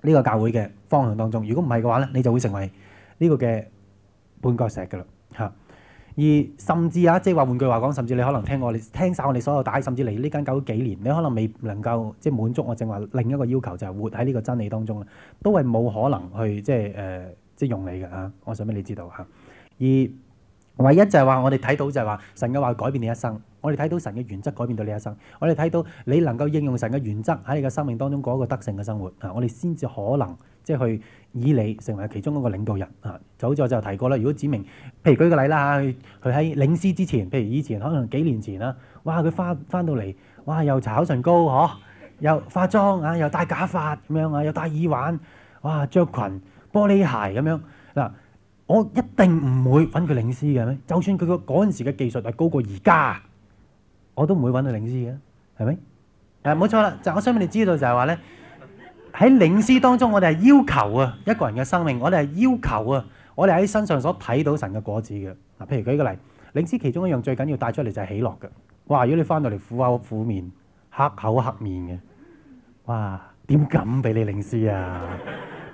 呢個教會嘅方向當中。如果唔係嘅話咧，你就會成為呢個嘅絆腳石嘅啦嚇。而甚至啊，即係話換句話講，甚至你可能聽過我哋聽晒我哋所有嘅，甚至你呢間教會幾年，你可能未能夠即係滿足我正話另一個要求，就係、係、活喺呢個真理當中啦，都係冇可能去、呃、即係誒即係用你嘅嚇、啊。我想俾你知道嚇、啊，而。唯一就係話，我哋睇到就係話，神嘅話改變你一生。我哋睇到神嘅原則改變到你一生。我哋睇到你能夠應用神嘅原則喺你嘅生命當中過一個德性嘅生活啊！我哋先至可能即係去以你成為其中一個領導人啊！就好似我就提過啦，如果指明，譬如舉個例啦，佢喺領師之前，譬如以前可能幾年前啦，哇！佢翻翻到嚟，哇！又搽口唇膏，嗬，又化妝啊，又戴假髮咁樣啊，又戴耳環、啊，哇！着裙玻璃鞋咁、啊、樣。我一定唔會揾佢領師嘅，係咪？就算佢個嗰陣時嘅技術係高過而家，我都唔會揾佢領師嘅，係咪？誒、啊，冇錯啦！就我想俾你知道就係話咧，喺領師當中，我哋係要求啊一個人嘅生命，我哋係要求啊，我哋喺身上所睇到神嘅果子嘅。嗱、啊，譬如舉個例，領師其中一樣最緊要帶出嚟就係喜樂嘅。哇！如果你翻到嚟苦口苦面、黑口黑面嘅，哇！點敢俾你領師啊？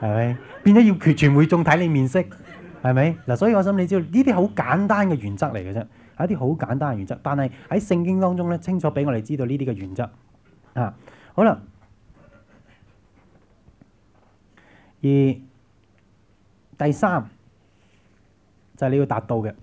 係咪？ 變咗要決全會眾睇你面色。係咪嗱？所以我想你知道呢啲好簡單嘅原則嚟嘅啫，係一啲好簡單嘅原則。但係喺聖經當中咧，清楚俾我哋知道呢啲嘅原則。嚇、啊，好啦。而第三就係、是、你要達到嘅，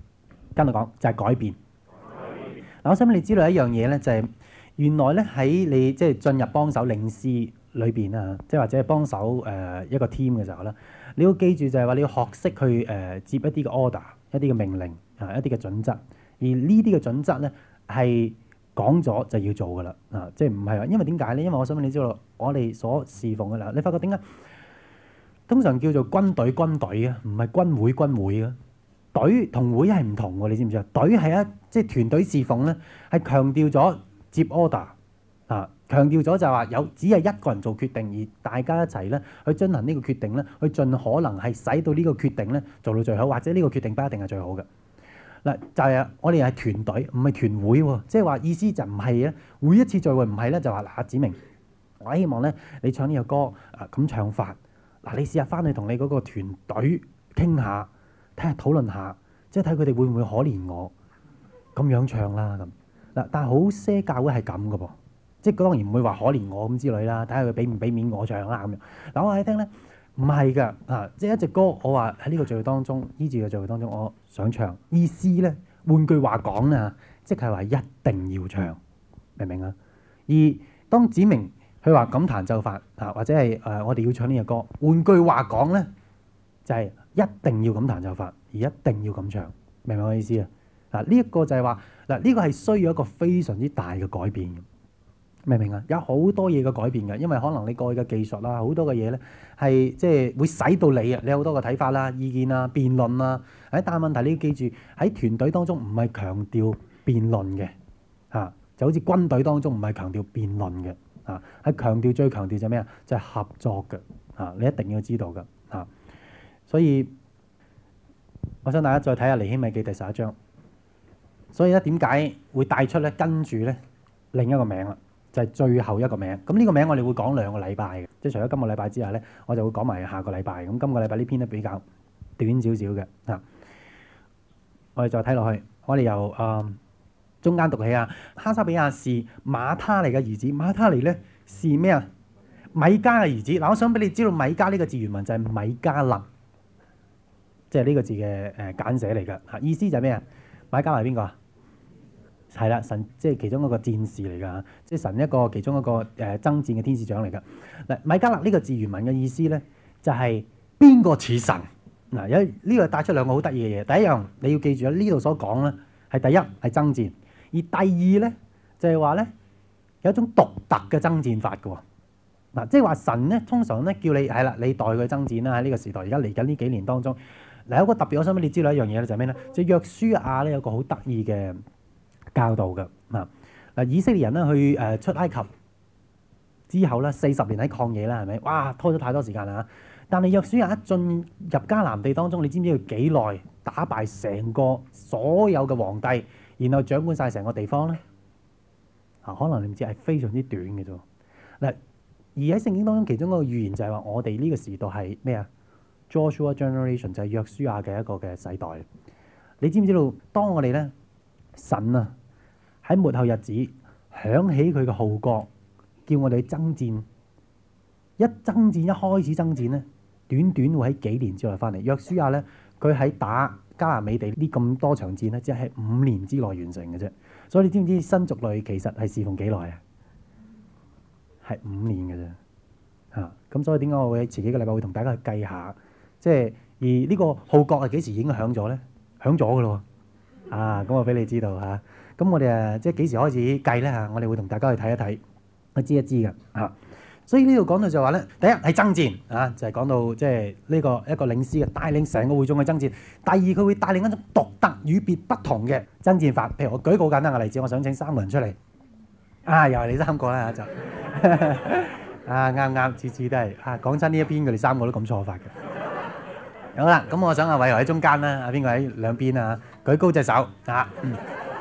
跟住講就係、是、改變。嗱變，我想你知道一樣嘢咧，就係原來咧喺你即係進入幫手領事裏邊啊，即係或者係幫手誒一個 team 嘅時候咧。你要記住就係話你要學識去誒接一啲嘅 order，一啲嘅命令啊，一啲嘅準則。而呢啲嘅準則咧係講咗就要做噶啦，啊，即係唔係話，因為點解咧？因為我想問你知道，我哋所侍奉嘅啦，你發覺點解通常叫做軍隊軍隊啊，唔係軍會軍會噶，隊同會係唔同喎，你知唔知啊？隊係一即係、就是、團隊侍奉咧，係強調咗接 order 啊。強調咗就話有只係一個人做決定，而大家一齊咧去進行呢個決定咧，去盡可能係使到呢個決定咧做到最好，或者呢個決定不一定係最好嘅。嗱、啊、就係、是、我哋係團隊，唔係團會，即係話意思就唔係咧。每一次聚會唔係咧就話嗱，阿、啊、子明，我希望咧你唱呢個歌啊咁唱法，嗱、啊、你試下翻去同你嗰個團隊傾下，睇下討論下，即係睇佢哋會唔會可憐我咁樣唱啦咁。嗱、啊啊，但係好些教會係咁嘅噃。即係，當然唔會話可憐我咁之類啦。睇下佢俾唔俾面我唱啦咁樣。嗱，我話你聽咧，唔係噶啊！即係一隻歌，我話喺呢個聚會當中，依住嘅聚會當中，我想唱意思咧。換句話講啊，即係話一定要唱，明唔明啊？而當指明佢話咁彈奏法啊，或者係誒我哋要唱呢隻歌。換句話講咧，就係、是、一定要咁彈奏法，而一定要咁唱，明唔明我意思啊？嗱，呢一個就係話嗱，呢、這個係需要一個非常之大嘅改變。明唔明啊？有好多嘢嘅改變嘅，因為可能你過去嘅技術啦，好多嘅嘢咧，係即係會使到你啊。你有好多嘅睇法啦、意見啊、辯論啊。誒，但係問題你要記住喺團隊當中唔係強調辯論嘅嚇，就好似軍隊當中唔係強調辯論嘅嚇，係強調最強調就咩啊？就係合作嘅嚇，你一定要知道嘅嚇。所以我想大家再睇下《尼希米記》第十一章，所以咧點解會帶出咧跟住咧另一個名啦？就係最後一個名，咁呢個名我哋會講兩個禮拜嘅，即係除咗今個禮拜之外咧，我就會講埋下個禮拜。咁今個禮拜呢篇咧比較短少少嘅，啊、嗯，我哋再睇落去，我哋由啊、嗯、中間讀起啊。哈沙比亞是馬他尼嘅兒子，馬他尼咧是咩啊？米加嘅兒子。嗱、嗯，我想俾你知道，米加呢個字原文就係米加林，即係呢個字嘅誒簡寫嚟嘅嚇。意思就係咩啊？米加係邊個啊？係啦，神即係其中一個戰士嚟噶，即係神一個其中一個誒、呃、爭戰嘅天使長嚟噶。嗱，米迦勒呢個字原文嘅意思咧，就係、是、邊、嗯、個似神嗱？有呢個帶出兩個好得意嘅嘢。第一樣你要記住咧，呢度所講咧係第一係爭戰，而第二咧就係話咧有一種獨特嘅爭戰法嘅。嗱、嗯，即係話神咧通常咧叫你係啦，你代佢爭戰啦。喺呢個時代而家嚟緊呢幾年當中，嗱，有個特別我想俾你知道一樣嘢咧，就係咩咧？即係約書亞咧有個好得意嘅。教導嘅嗱，嗱、嗯、以色列人咧去誒、呃、出埃及之後咧，四十年喺曠野啦，係咪？哇，拖咗太多時間啦！但係約書亞一進入迦南地當中，你知唔知要幾耐打敗成個所有嘅皇帝，然後掌管晒成個地方咧？啊、嗯，可能你唔知係非常之短嘅啫。嗱、嗯，而喺聖經當中，其中一個預言就係話，我哋呢個時代係咩啊？Joshua Generation 就係約書亞嘅一個嘅世代。你知唔知道當我哋咧神啊？喺末後日子，響起佢嘅號角，叫我哋爭戰。一爭戰一開始爭戰咧，短短會喺幾年之內翻嚟。約書亞咧，佢喺打迦南美地呢咁多場戰咧，只係五年之內完成嘅啫。所以你知唔知新族類其實係侍奉幾耐啊？係五年嘅啫。嚇！咁所以點解我會喺遲幾個禮拜會同大家去計一下？即係，而呢個號角係幾時已經響咗咧？響咗嘅咯啊！咁我俾你知道嚇。啊咁我哋誒，即係幾時開始計咧嚇？我哋會同大家去睇一睇，去知一知嘅嚇。所以呢度講到就話咧，第一係爭戰啊，就係講到即係呢個一個領詩嘅帶領成個會眾去爭戰。第二，佢會帶領一種獨特與別不同嘅爭戰法。譬如我舉個好簡單嘅例子，我想請三個人出嚟啊，又係你三個啦就啊，啱啱次次都係啊，講親呢一篇佢哋三個都咁錯法嘅。好啦，咁我想阿偉華喺中間啦，阿邊個喺兩邊啊？舉高隻手啊！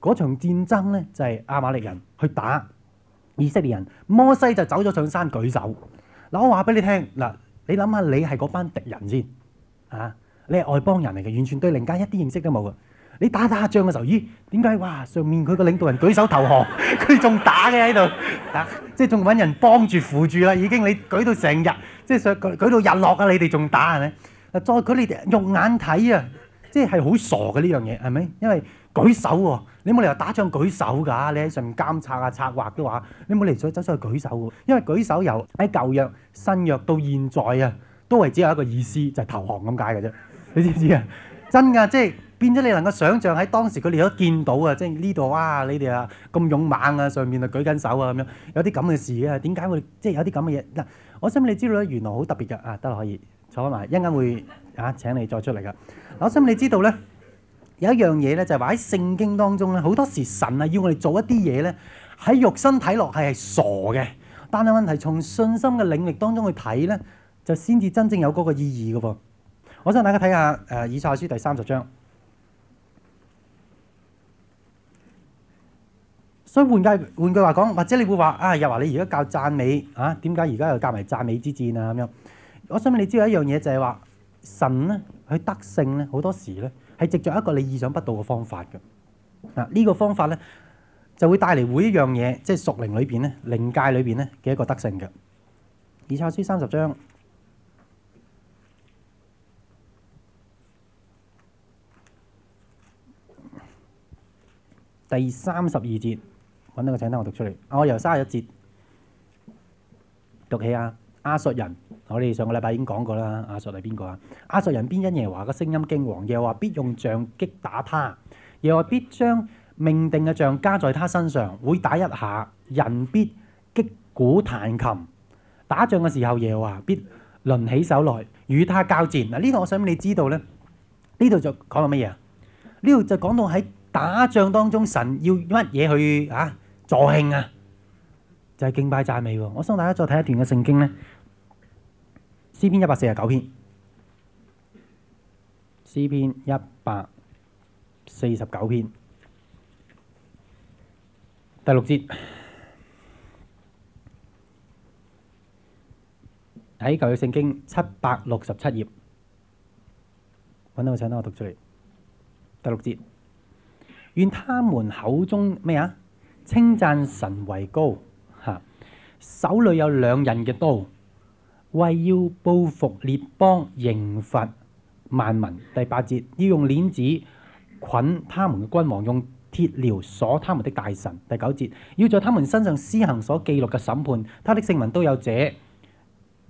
嗰場戰爭咧就係、是、亞瑪力人去打以色列人，摩西就走咗上山舉手。嗱我話俾你聽，嗱你諗下，你係嗰班敵人先啊！你係外邦人嚟嘅，完全對靈界一啲認識都冇嘅。你打打仗嘅時候，咦？點解哇？上面佢個領導人舉手投降，佢仲 打嘅喺度，即係仲揾人幫住扶住啦。已經你舉到成日，即係舉舉到日落啊！你哋仲打係咪？再舉你哋肉眼睇啊，即係係好傻嘅呢樣嘢係咪？因為舉手喎，你冇理由打仗舉手㗎，你喺上面監察啊策劃嘅話，你冇理由走出去舉手喎，因為舉手由喺舊約、新約到現在啊，都係只有一個意思，就係、是、投降咁解嘅啫。你知唔知啊？ 真㗎，即、就、係、是、變咗你能夠想像喺當時佢哋都見到、就是、啊，即係呢度哇，你哋啊咁勇猛啊，上面啊舉緊手啊咁樣，有啲咁嘅事嘅、啊，點解會即係、就是、有啲咁嘅嘢嗱？我想你知道咧，原來好特別嘅啊，得啦可以坐埋，一陣間會，會啊請你再出嚟嘅、啊。我想你知道咧。有一樣嘢咧，就係話喺聖經當中咧，好多時神啊要我哋做一啲嘢咧，喺肉身睇落係係傻嘅，但係問題從信心嘅領域當中去睇咧，就先至真正有嗰個意義嘅噃。我想大家睇下誒以賽亞書第三十章。所以換句換句話講，或者你會話啊，又話你而家教讚美啊？點解而家又教埋讚美之戰啊？咁樣，我想問你知道一樣嘢就係、是、話神咧，佢得勝咧，好多時咧。係藉着一個你意想不到嘅方法嘅。嗱，呢個方法咧就會帶嚟每一樣嘢，即、就、係、是、屬靈裏邊咧、靈界裏邊咧嘅一個得勝嘅。以賽亞書三十章第三十二節，揾到個，請等我讀出嚟。我由三十一節讀起啊。亞述人，我哋上個禮拜已經講過啦。亞述係邊個啊？亞述人邊因耶華嘅聲音驚惶，耶和華必用杖擊打他，耶和華必將命定嘅杖加在他身上，會打一下，人必擊鼓彈琴。打仗嘅時候，耶和華必掄起手來與他交戰。嗱，呢度我想俾你知道咧，呢度就講到乜嘢啊？呢度就講到喺打仗當中，神要乜嘢去嚇助興啊？就係敬拜讚美喎，我想大家再睇一段嘅聖經呢，詩篇一百四十九篇，詩篇一百四十九篇第六節睇舊嘅聖經七百六十七頁，搵到個想啦，我讀出嚟，第六節願他們口中咩啊稱讚神為高。手裏有兩刃嘅刀，為要報復列邦，刑罰萬民。第八節要用鏈子捆他們嘅君王，用鐵鐐鎖他們的大臣。第九節要在他們身上施行所記錄嘅審判，他的聖民都有這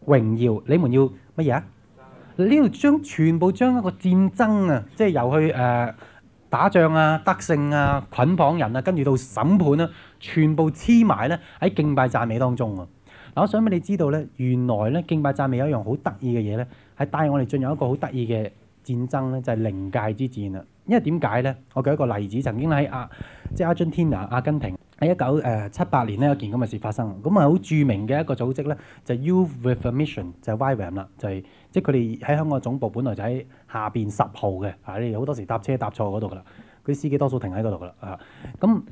榮耀。你們要乜嘢啊？呢度將全部將一個戰爭啊，即係由去誒。呃打仗啊、得勝啊、捆綁人啊，跟住到審判啊，全部黐埋咧喺敬拜讚美當中啊。嗱、啊，我想俾你知道咧，原來咧敬拜讚美有一樣好得意嘅嘢咧，係帶我哋進入一個好得意嘅戰爭咧，就係、是、靈界之戰啊。因為點解咧？我舉一個例子，曾經喺亞即係 Argentina 阿根廷喺一九誒七八年咧，有一件咁嘅事發生，咁係好著名嘅一個組織咧，就是、Youth With A Mission 就是 YWAM 啦，就係、是。即係佢哋喺香港嘅總部，本來就喺下邊十號嘅，嚇你好多時搭車搭錯嗰度噶啦，佢司機多數停喺嗰度噶啦，嚇咁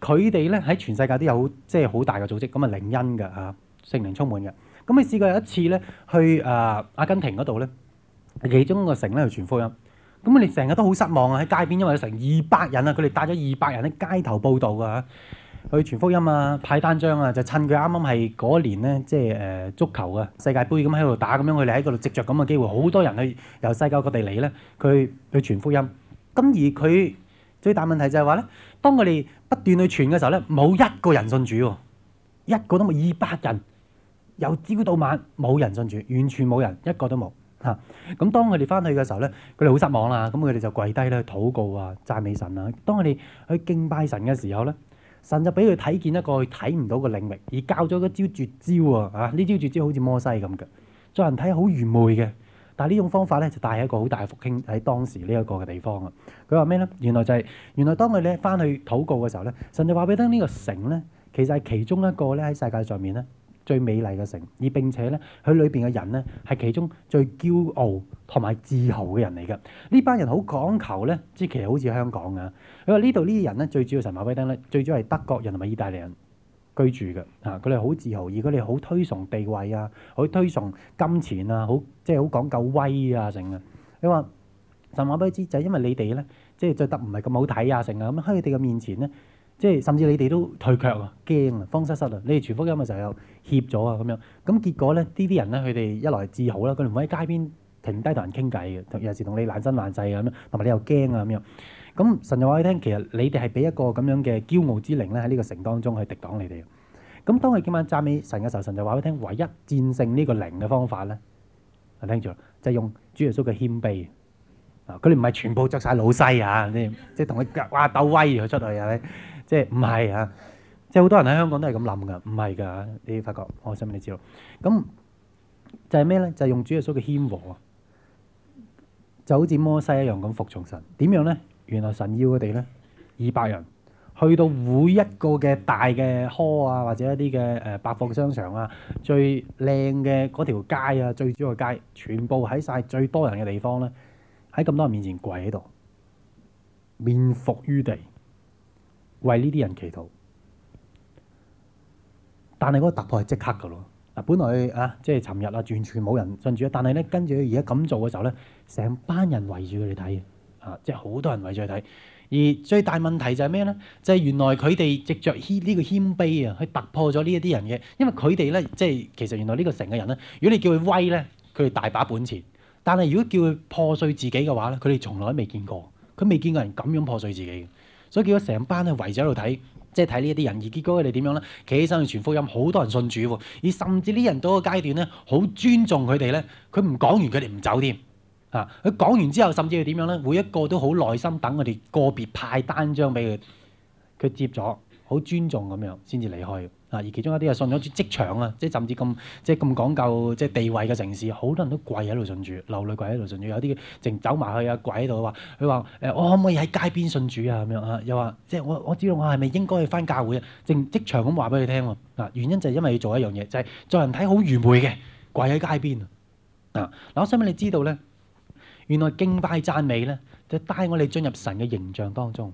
佢哋咧喺全世界都有即係好大嘅組織，咁啊領恩嘅嚇，盛年充滿嘅。咁你試過有一次咧去誒阿根廷嗰度咧，其中個城咧就全福音，咁我哋成日都好失望啊！喺街邊因為有成二百人啊，佢哋帶咗二百人喺街頭報道嘅嚇。去傳福音啊，派單張啊，就趁佢啱啱係嗰年咧，即係誒、呃、足球啊，世界盃咁喺度打咁樣，佢哋喺嗰度藉着咁嘅機會，好多人去由世界各地嚟咧，佢去，去傳福音。咁而佢最大問題就係話咧，當佢哋不斷去傳嘅時候咧，冇一個人信主喎、啊，一個都冇，二百人由朝到晚冇人信主，完全冇人，一個都冇嚇。咁、啊、當佢哋翻去嘅時候咧，佢哋好失望啦、啊。咁佢哋就跪低咧，禱告啊，讚美神啊。當佢哋去敬拜神嘅時候咧，神就俾佢睇見一個佢睇唔到嘅領域，而教咗一招絕招啊。嚇、啊！呢招絕招好似摩西咁嘅，作人睇好愚昧嘅。但係呢種方法咧就帶一個好大嘅復興喺當時呢一個嘅地方啊！佢話咩咧？原來就係、是、原來當佢咧翻去禱告嘅時候咧，神就話俾佢聽呢個城咧，其實係其中一個咧喺世界上面咧最美麗嘅城，而並且咧佢裏邊嘅人咧係其中最驕傲同埋自豪嘅人嚟嘅。呢班人好講求咧，即其實好似香港啊～因為呢度呢啲人咧，最主要神馬威登咧，最主要係德國人同埋意大利人居住嘅。嚇，佢哋好自豪，而佢哋好推崇地位啊，好推崇金錢啊，好即係好講究威啊，成啊！你話神馬威登就係因為你哋咧，即係着得唔係咁好睇啊，成啊咁喺佢哋嘅面前咧，即係甚至你哋都退卻啊，驚啊，慌失失啊！你哋傳福音嘅時候又怯咗啊，咁樣咁結果咧，呢啲人咧，佢哋一來自豪啦，佢哋唔會喺街邊停低同人傾偈嘅，同有時同你攔身攔世啊咁樣，同埋你又驚啊咁樣。咁神就話俾你聽，其實你哋係俾一個咁樣嘅驕傲之靈咧，喺呢個城當中去敵擋你哋。咁當佢今晚讚美神嘅時候，神就話俾你聽，唯一戰勝呢個靈嘅方法咧，聽住就係用主耶穌嘅謙卑啊！佢哋唔係全部著曬老西啊，你即係同佢哇鬥威去出去啊，即係唔係啊？即係好多人喺香港都係咁諗噶，唔係㗎，你發覺我想俾你知道咁就係咩咧？就係用主耶穌嘅謙和，就好似摩西一樣咁服從神。點樣咧？原來神要佢哋咧，二百人去到每一個嘅大嘅舖啊，或者一啲嘅誒百貨商場啊，最靚嘅嗰條街啊，最主要嘅街，全部喺晒最多人嘅地方呢，喺咁多人面前跪喺度，面伏於地，為呢啲人祈禱。但係嗰個突破係即刻嘅咯，嗱，本來啊，即係尋日啊，完全冇人順住。但係呢，跟住佢而家咁做嘅時候呢，成班人圍住佢哋睇。即係好多人圍住睇，而最大問題就係咩呢？就係、是、原來佢哋藉着呢個謙卑啊，去突破咗呢一啲人嘅。因為佢哋呢，即係其實原來呢個成個人呢，如果你叫佢威呢，佢哋大把本錢；但係如果叫佢破碎自己嘅話呢，佢哋從來未見過，佢未見過人咁樣破碎自己嘅。所以結果成班係圍住喺度睇，即係睇呢一啲人。而結果佢哋點樣呢？企起身去傳福音，好多人信主。而甚至呢，人到個階段呢，好尊重佢哋呢，佢唔講完佢哋唔走添。啊！佢講完之後，甚至要點樣咧？每一個都好耐心等，我哋個別派單張俾佢，佢接咗，好尊重咁樣先至離開。啊！而其中一啲啊，信咗住職場啊，即係甚至咁，即係咁講究，即係地位嘅城市，好多人都跪喺度信主，流淚跪喺度信主。有啲淨走埋去啊，跪喺度話：佢話誒，我可唔可以喺街邊信主啊？咁樣啊，又話即係我我知道我係咪應該去返教會啊？淨職場咁話俾佢聽喎。啊，原因就係因為要做一樣嘢，就係、是、做人睇好愚昧嘅，跪喺街邊啊！嗱，我想俾你知道咧？原來敬拜讚美咧，就帶、是、我哋進入神嘅形象當中。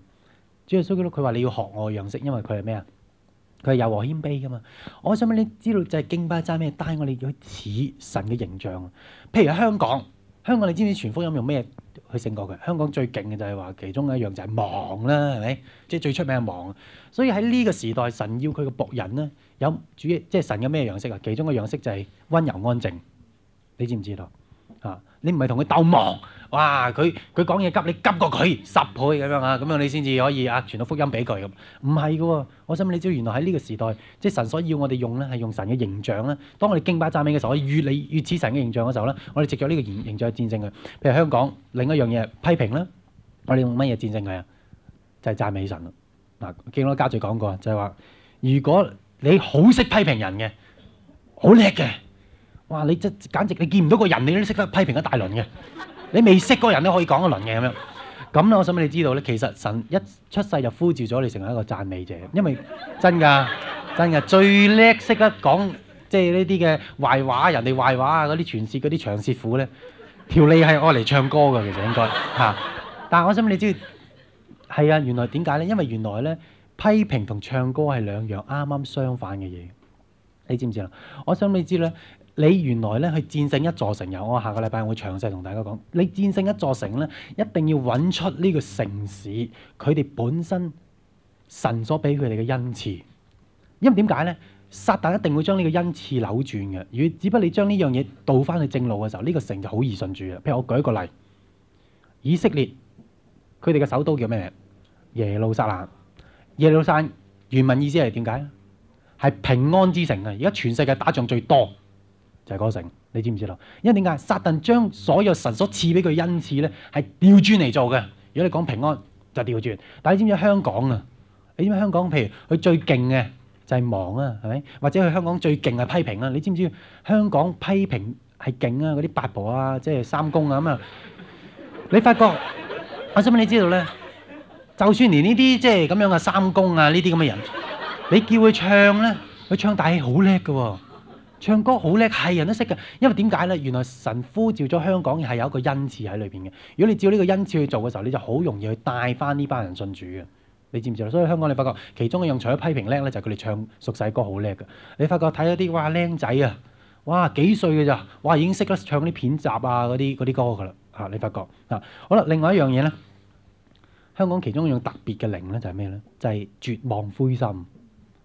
主耶穌基督佢話：你要學我嘅樣式，因為佢係咩啊？佢係柔和謙卑噶嘛。我想問你知道就係、是、敬拜讚咩？帶我哋去似神嘅形象。譬如喺香港，香港你知唔知全福音用咩去勝過佢？香港最勁嘅就係話其中一樣就係忙啦，係咪？即、就、係、是、最出名係忙。所以喺呢個時代，神要佢嘅僕人咧，有主，即、就、係、是、神有咩樣式啊？其中嘅樣式就係温柔安靜。你知唔知道？你唔係同佢鬥忙，哇！佢佢講嘢急，你急過佢十倍咁樣啊！咁樣你先至可以啊傳到福音俾佢咁。唔係嘅喎，我想問你，即係原來喺呢個時代，即係神所要我哋用咧，係用神嘅形象咧。當我哋敬拜讚美嘅時候，我越嚟越似神嘅形象嘅時候咧，我哋藉著呢個形象去戰勝佢。譬如香港，另一樣嘢批評啦，我哋用乜嘢戰勝佢啊？就係讚美神咯。嗱，經嗰個家長講過就係話，如果你好識批評人嘅，好叻嘅。哇！你即係直你見唔到個人，你都識得批評一大輪嘅。你未識嗰人都可以講一輪嘅咁樣。咁咧，我想俾你知道咧，其實神一出世就呼召咗你成為一個讚美者，因為真㗎，真㗎，最叻識得講即係呢啲嘅壞話、人哋壞話啊，嗰啲傳説嗰啲長舌婦咧，條脷係愛嚟唱歌㗎，其實應該嚇。 但係我想你知，係啊，原來點解咧？因為原來咧，批評同唱歌係兩樣啱啱相反嘅嘢。你知唔知啊？我想你知咧。你原來咧去戰勝一座城遊，我下個禮拜會詳細同大家講。你戰勝一座城咧，一定要揾出呢個城市佢哋本身神所俾佢哋嘅恩賜，因為點解咧？撒旦一定會將呢個恩賜扭轉嘅，而只不過你將呢樣嘢倒翻去正路嘅時候，呢、這個城就好易順住啦。譬如我舉一個例，以色列佢哋嘅首都叫咩？耶路撒冷。耶路撒冷原文意思係點解？係平安之城啊！而家全世界打仗最多。就係嗰城，你知唔知道？因為點解撒旦將所有神所賜俾佢恩賜咧，係調轉嚟做嘅。如果你講平安，就調轉。但係你知唔知香港啊？你知唔知香港？譬如佢最勁嘅就係忙啊，係咪？或者佢香港最勁係批評啊？你知唔知香港批評係勁啊？嗰啲八婆啊，即係三公啊咁啊？你發覺， 我想問你知道咧？就算連呢啲即係咁樣嘅三公啊，呢啲咁嘅人，你叫佢唱咧，佢唱大戲好叻嘅喎。唱歌好叻，係人都識嘅，因為點解呢？原來神呼召咗香港係有一個恩賜喺裏邊嘅。如果你照呢個恩賜去做嘅時候，你就好容易去帶翻呢班人信主嘅。你知唔知咧？所以香港你發覺，其中一樣除咗批評叻咧，就係佢哋唱俗世歌好叻嘅。你發覺睇嗰啲哇靚仔啊，哇，哇幾歲嘅咋？哇已經識得唱啲片集啊嗰啲啲歌噶啦嚇！你發覺啊，好啦，另外一樣嘢呢？香港其中一樣特別嘅靈呢，就係咩呢？就係絕望灰心。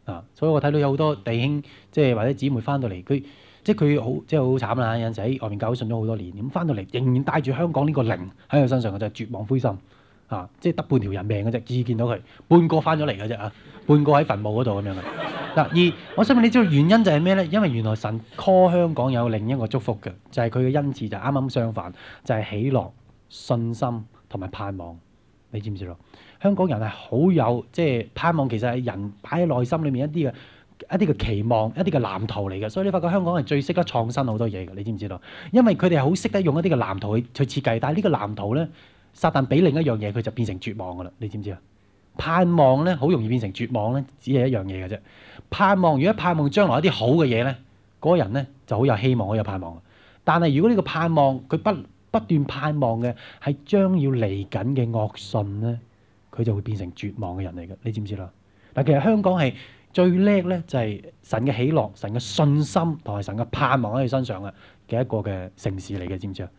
啊、所以我睇到有好多弟兄，即係或者姊妹翻到嚟，佢即係佢好，即係好慘啦！有陣時喺外面教會信咗好多年，咁翻到嚟仍然帶住香港呢個靈喺佢身上嘅，就係、是、絕望灰心啊！即係得半條人命嘅啫，只見到佢半個翻咗嚟嘅啫啊！半個喺墳墓嗰度咁樣嘅嗱。而， 我想問你知道原因就係咩呢？因為原來神 call 香港有另一個祝福嘅，就係佢嘅恩賜就啱啱相反，就係、是、喜樂、信心同埋盼望。你知唔知咯？香港人係好有即係、就是、盼望，其實係人擺喺內心裏面一啲嘅一啲嘅期望，一啲嘅藍圖嚟嘅。所以你發覺香港人最識得創新好多嘢嘅，你知唔知道？因為佢哋好識得用一啲嘅藍圖去去設計。但係呢個藍圖咧，撒旦俾另一樣嘢，佢就變成絕望㗎啦。你知唔知啊？盼望咧好容易變成絕望咧，只係一樣嘢嘅啫。盼望如果盼望將來一啲好嘅嘢咧，嗰個人咧就好有希望，好有盼望。但係如果呢個盼望佢不不斷盼望嘅係將要嚟緊嘅惡信咧？佢就會變成絕望嘅人嚟嘅，你知唔知啦？嗱，其實香港係最叻咧，就係神嘅喜樂、神嘅信心同埋神嘅盼望喺佢身上嘅嘅一個嘅城市嚟嘅，知唔知啊？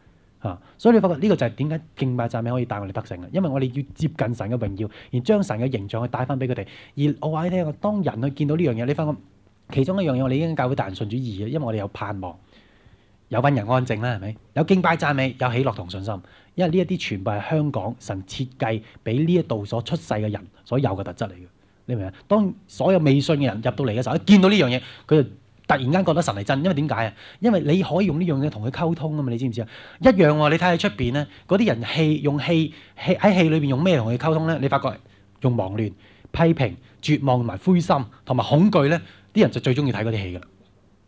啊，所以你發覺呢個就係點解敬拜讚美可以帶我哋得勝嘅，因為我哋要接近神嘅榮耀，而將神嘅形象去帶翻俾佢哋。而我話你聽，當人去見到呢樣嘢你發覺，其中一樣嘢我哋已經教會大人信主二嘅，因為我哋有盼望、有份人安靜啦，係咪？有敬拜讚美、有喜樂同信心。因為呢一啲全部係香港神設計俾呢一度所出世嘅人所有嘅特質嚟嘅，你明唔明？當所有未信嘅人入到嚟嘅時候，一見到呢樣嘢，佢就突然間覺得神係真。因為點解啊？因為你可以用呢樣嘢同佢溝通啊嘛！你知唔知啊？一樣喎、哦，你睇喺出邊咧，嗰啲人戲用戲喺戲裏邊用咩同佢溝通咧？你發覺用忙亂、批評、絕望同埋灰心同埋恐懼咧，啲人就最中意睇嗰啲戲嘅。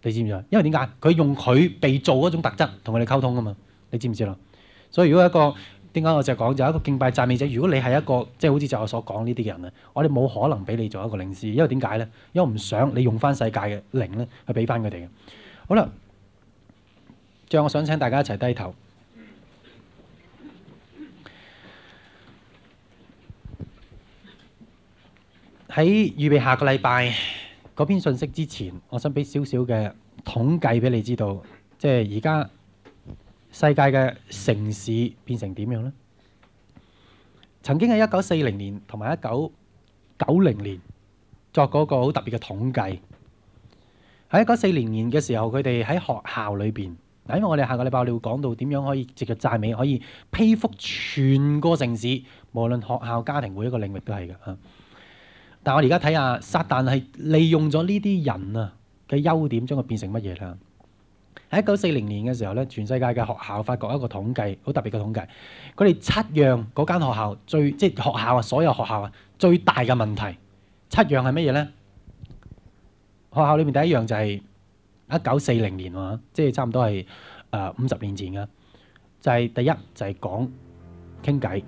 你知唔知啊？因為點解？佢用佢被造嗰種特質同佢哋溝通啊嘛！你知唔知啊？所以如果一個點解我就講、是、就一個敬拜讚美者，如果你係一個即係、就是、好似就我所講呢啲嘅人咧，我哋冇可能俾你做一個領事，因為點解咧？因為唔想你用翻世界嘅靈咧去俾翻佢哋嘅。好啦，最後我想請大家一齊低頭。喺預備下個禮拜嗰篇信息之前，我想俾少少嘅統計俾你知道，即係而家。世界嘅城市變成點樣呢？曾經喺一九四零年同埋一九九零年作過一個好特別嘅統計。喺一九四零年嘅時候，佢哋喺學校裏邊。嗱，因為我哋下個禮拜我哋會講到點樣可以藉著讚美可以披覆全個城市，無論學校、家庭每一個領域都係嘅啊。但係我而家睇下撒旦係利用咗呢啲人啊嘅優點，將佢變成乜嘢啦？喺一九四零年嘅時候咧，全世界嘅學校發覺一個統計，好特別嘅統計。佢哋七樣嗰間學校最，即係學校啊，所有學校啊，最大嘅問題七樣係乜嘢呢？學校裏面第一樣就係一九四零年，即係差唔多係誒五十年前嘅，就係、是、第一就係講傾偈，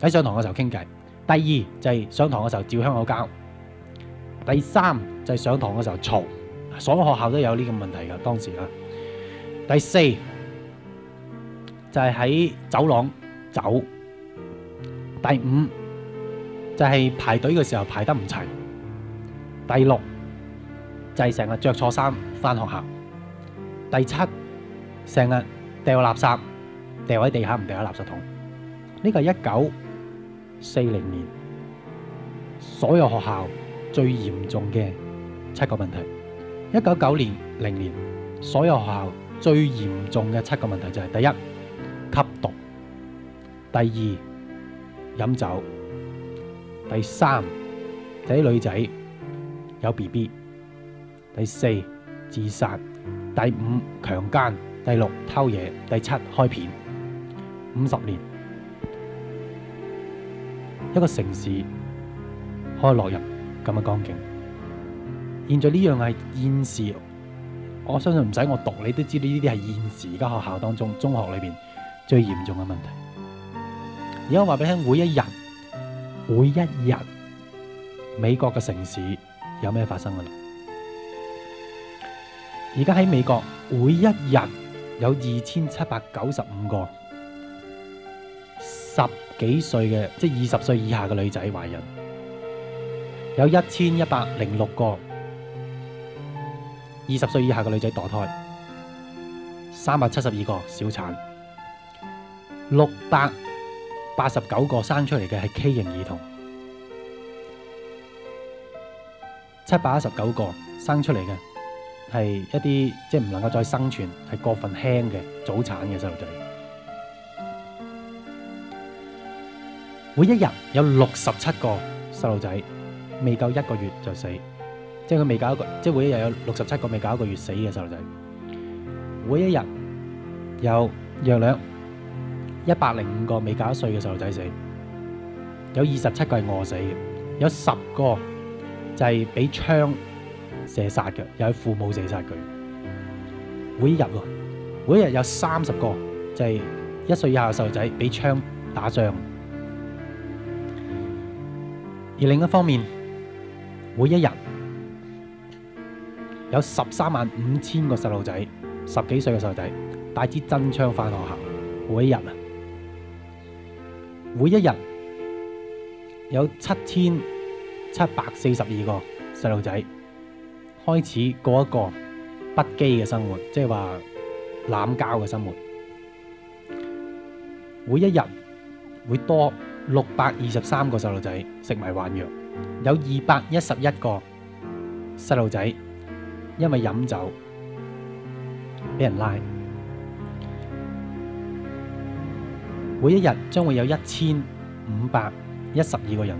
喺上堂嘅時候傾偈。第二就係、是、上堂嘅時候嚼香口膠。第三就係、是、上堂嘅時候嘈，所有學校都有呢個問題㗎，當時啊。第四就係、是、喺走廊走，第五就係、是、排隊嘅時候排得唔齊，第六就係成日着錯衫返學校，第七成日掉垃圾，掉喺地下唔掉喺垃圾桶。呢個係一九四零年所有學校最嚴重嘅七個問題。一九九零年所有學校。最嚴重嘅七個問題就係第一吸毒，第二飲酒，第三仔女仔有 BB，第四自殺，第五強姦，第六偷嘢，第七開片。五十年一個城市可以落入咁嘅光景，現在呢樣係現時。我相信唔使我讀，你都知呢啲係現時而家學校當中中學裏面最嚴重嘅問題。而家我話俾你聽，每一日，每一日，美國嘅城市有咩發生嘅？而家喺美國，每一日有二千七百九十五個十幾歲嘅，即係二十歲以下嘅女仔懷孕，有一千一百零六個。二十歲以下嘅女仔墮胎，三百七十二個小產，六百八十九個生出嚟嘅係畸形兒童，七百一十九個生出嚟嘅係一啲即係唔能夠再生存，係過分輕嘅早產嘅細路仔。每一日有六十七個細路仔未夠一個月就死。即係佢未搞一個，即係每一日有六十七個未搞一個月死嘅細路仔。每一日有約兩一百零五個未夠一歲嘅細路仔死，有二十七個係餓死嘅，有十個就係俾槍射殺嘅，又係父母射殺佢。每一日喎，每一日有三十個就係一歲以下嘅細路仔俾槍打傷。而另一方面，每一日。有十三萬五千個細路仔，十幾歲嘅細路仔帶支真槍返學校。每一日啊，每一日有七千七百四十二個細路仔開始過一個不羈嘅生活，即係話濫交嘅生活。每一日會多六百二十三個細路仔食迷幻藥，有二百一十一個細路仔。因為飲酒，畀人拉。每一日將會有一千五百一十二個人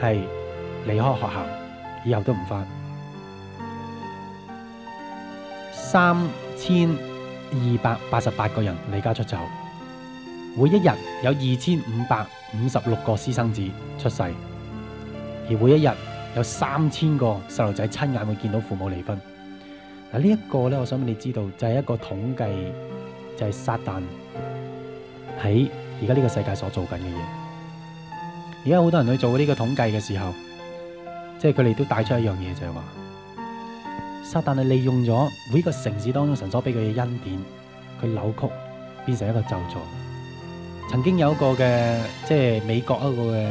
係離開學校，以後都唔返。三千二百八十八個人離家出走。每一日有二千五百五十六個私生子出世，而每一日。有三千個細路仔親眼會見到父母離婚，嗱，呢一個咧，我想俾你知道，就係一個統計，就係撒旦喺而家呢個世界所做緊嘅嘢。而家好多人去做呢個統計嘅時候，即係佢哋都帶出一樣嘢，就係話撒旦係利用咗每個城市當中神所俾佢嘅恩典，佢扭曲變成一個咒詛。曾經有一個嘅，即係美國一個嘅。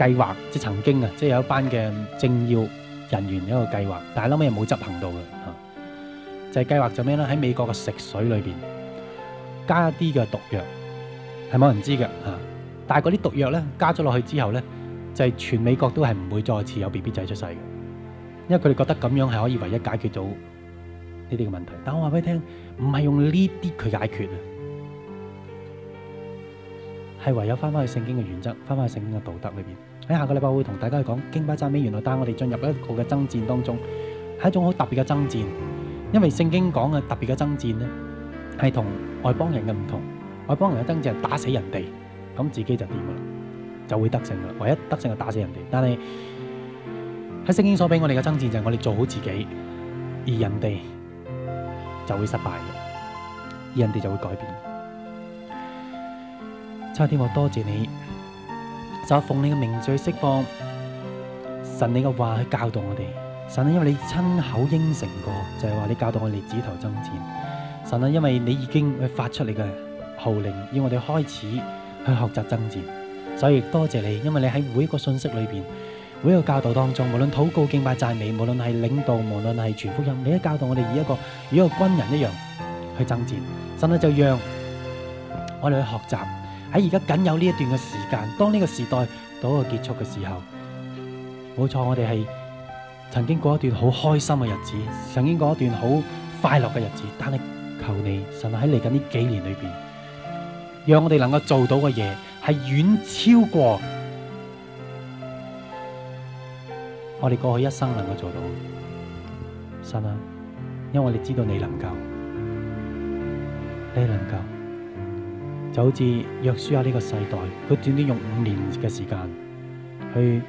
計劃即係曾經啊，即係有一班嘅政要人員一個計劃，但係諗咩冇執行到嘅吓，就係、是、計劃就咩咧？喺美國嘅食水裏邊加一啲嘅毒藥，係冇人知嘅吓、啊。但係嗰啲毒藥咧加咗落去之後咧，就係、是、全美國都係唔會再次有 BB 仔出世嘅，因為佢哋覺得咁樣係可以唯一解決到呢啲嘅問題。但我話俾你聽，唔係用呢啲去解決啊，係唯有翻翻去聖經嘅原則，翻翻去聖經嘅道德裏邊。喺下個禮拜我會同大家去講《敬拜讚美》。原來帶我哋進入一個嘅爭戰當中，係一種好特別嘅爭戰。因為聖經講嘅特別嘅爭戰咧，係同外邦人嘅唔同。外邦人嘅爭戰係打死人哋，咁自己就掂啦，就會得勝啦。唯一得勝就打死人哋。但係喺聖經所俾我哋嘅爭戰就係我哋做好自己，而人哋就會失敗嘅，而人哋就會改變。差天，我多謝你。就奉你嘅名去釋放，神你嘅話去教導我哋。神啊，因為你親口應承過，就係、是、話你教導我哋指頭爭戰。神啊，因為你已經去發出你嘅號令，要我哋開始去學習爭戰。所以多謝你，因為你喺每一個信息裏邊，每一個教導當中，無論禱告敬拜讚美，無論係領導，無論係傳福音，你都教導我哋以一個以一個軍人一樣去爭戰。神啊，就讓我哋去學習。喺而家僅有呢一段嘅時間，當呢個時代到一個結束嘅時候，冇錯，我哋係曾經過一段好開心嘅日子，曾經過一段好快樂嘅日子。但係求你，神喺嚟緊呢幾年裏邊，讓我哋能夠做到嘅嘢係遠超過我哋過去一生能夠做到嘅。神啊，因為我哋知道你能夠，你能夠。就好似約書亞呢個世代，佢短短用五年嘅時間去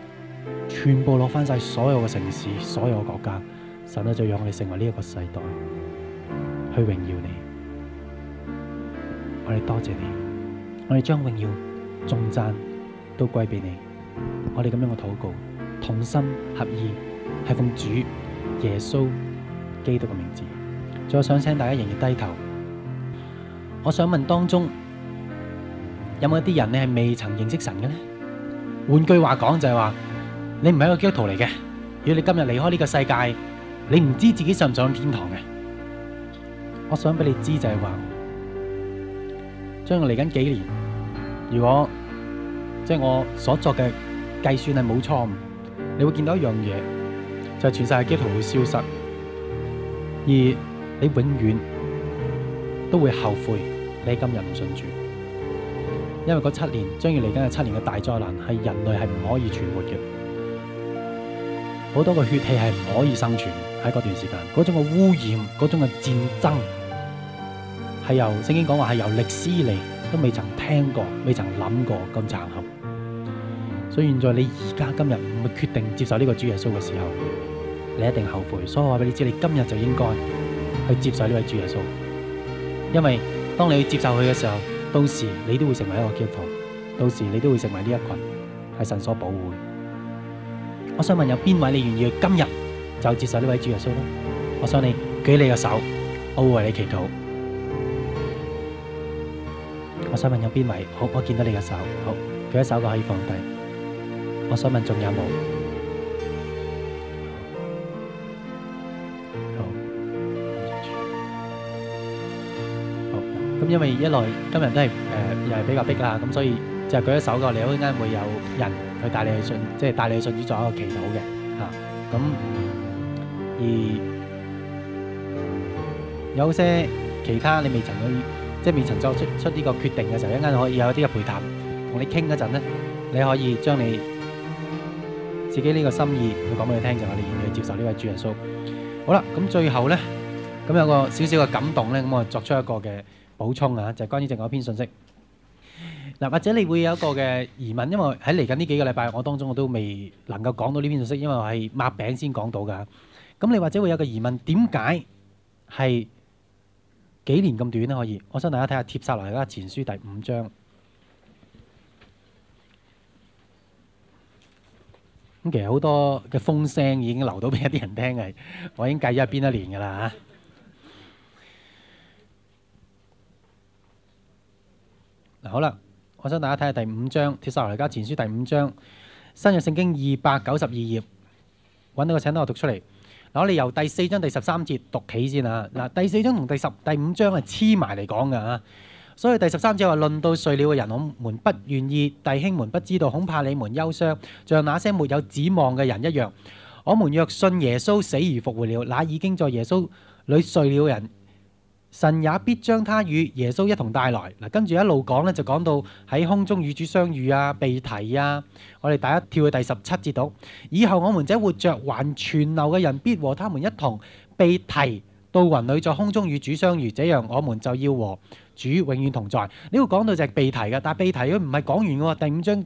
全部攞翻晒所有嘅城市、所有嘅國家，神啊，就讓我哋成為呢一個世代去榮耀你，我哋多謝你，我哋將榮耀、重讚都歸俾你，我哋咁樣嘅禱告，同心合意係奉主耶穌基督嘅名字。再想請大家仍然低頭，我想問當中。有冇一啲人你係未曾認識神嘅咧？換句話講就係話，你唔係一個基督徒嚟嘅。如果你今日離開呢個世界，你唔知自己上唔上天堂嘅。我想俾你知就係話，將來嚟緊幾年，如果即係、就是、我所作嘅計算係冇錯誤，你會見到一樣嘢，就係、是、全世界基督徒會消失，而你永遠都會後悔你今日唔信主。因為嗰七年將要嚟緊嘅七年嘅大災難，係人類係唔可以存活嘅，好多個血氣係唔可以生存喺嗰段時間，嗰種嘅污染，嗰種嘅戰爭，係由聖經講話係由歷史嚟都未曾聽過，未曾諗過咁殘酷。所以你現在你而家今日唔去決定接受呢個主耶穌嘅時候，你一定後悔。所以我話俾你知，你今日就應該去接受呢位主耶穌，因為當你去接受佢嘅時候。到時你都會成為一個基督徒，到時你都會成為呢一群係神所保護的。我想問有邊位你願意今日就接受呢位主耶穌呢？我想你舉起你個手，我會為你祈禱。我想問有邊位？好，我見到你個手，好舉一手我可以放低。我想問，仲有冇？咁，因為一來今日都係誒，又係比較迫啦，咁、啊、所以就係、舉手的一手嘅。你一陣會有人去帶你去信，即係帶你去信主作一個祈禱嘅嚇。咁、啊、而，而有些其他你未曾去，即係未曾作出出呢個決定嘅時候，一陣可以有啲嘅陪談同你傾一陣咧，你可以將你自己呢個心意去講俾佢聽，就話你現在接受呢位主耶穌。好啦，咁、啊、最後咧，咁有個少少嘅感動咧，咁我作出一個嘅。補充啊，就係關於另外一篇信息。嗱，或者你會有一個嘅疑問，因為喺嚟緊呢幾個禮拜，我當中我都未能夠講到呢篇信息，因為我係抹餅先講到噶。咁你或者會有個疑問，點解係幾年咁短呢？可以，我想大家睇下帖撒羅尼迦前書第五章。咁其實好多嘅風聲已經流到俾一啲人聽嘅，我已經計咗喺邊一年噶啦嚇。好啦，我想大家睇下第五章《帖撒羅尼迦前書》第五章，新約聖經二百九十二頁，揾到個請到我讀出嚟。嗱，我哋由第四章第十三節讀起先啊。嗱，第四章同第十第五章係黐埋嚟講㗎啊。所以第十三節話：論到睡了嘅人，我們不願意弟兄們不知道，恐怕你們憂傷，像那些沒有指望嘅人一樣。我們若信耶穌死而復活了，那已經在耶穌裏睡了嘅人。神也必將他與耶穌一同帶來。嗱，跟住一路講咧，就講到喺空中與主相遇啊，被提啊。我哋第一跳去第十七節度。以後我們這活着還存留嘅人，必和他們一同被提到雲裏在空中與主相遇。這樣我們就要和主永遠同在。呢、這個講到就係被提嘅，但係被提佢唔係講完嘅喎。第五章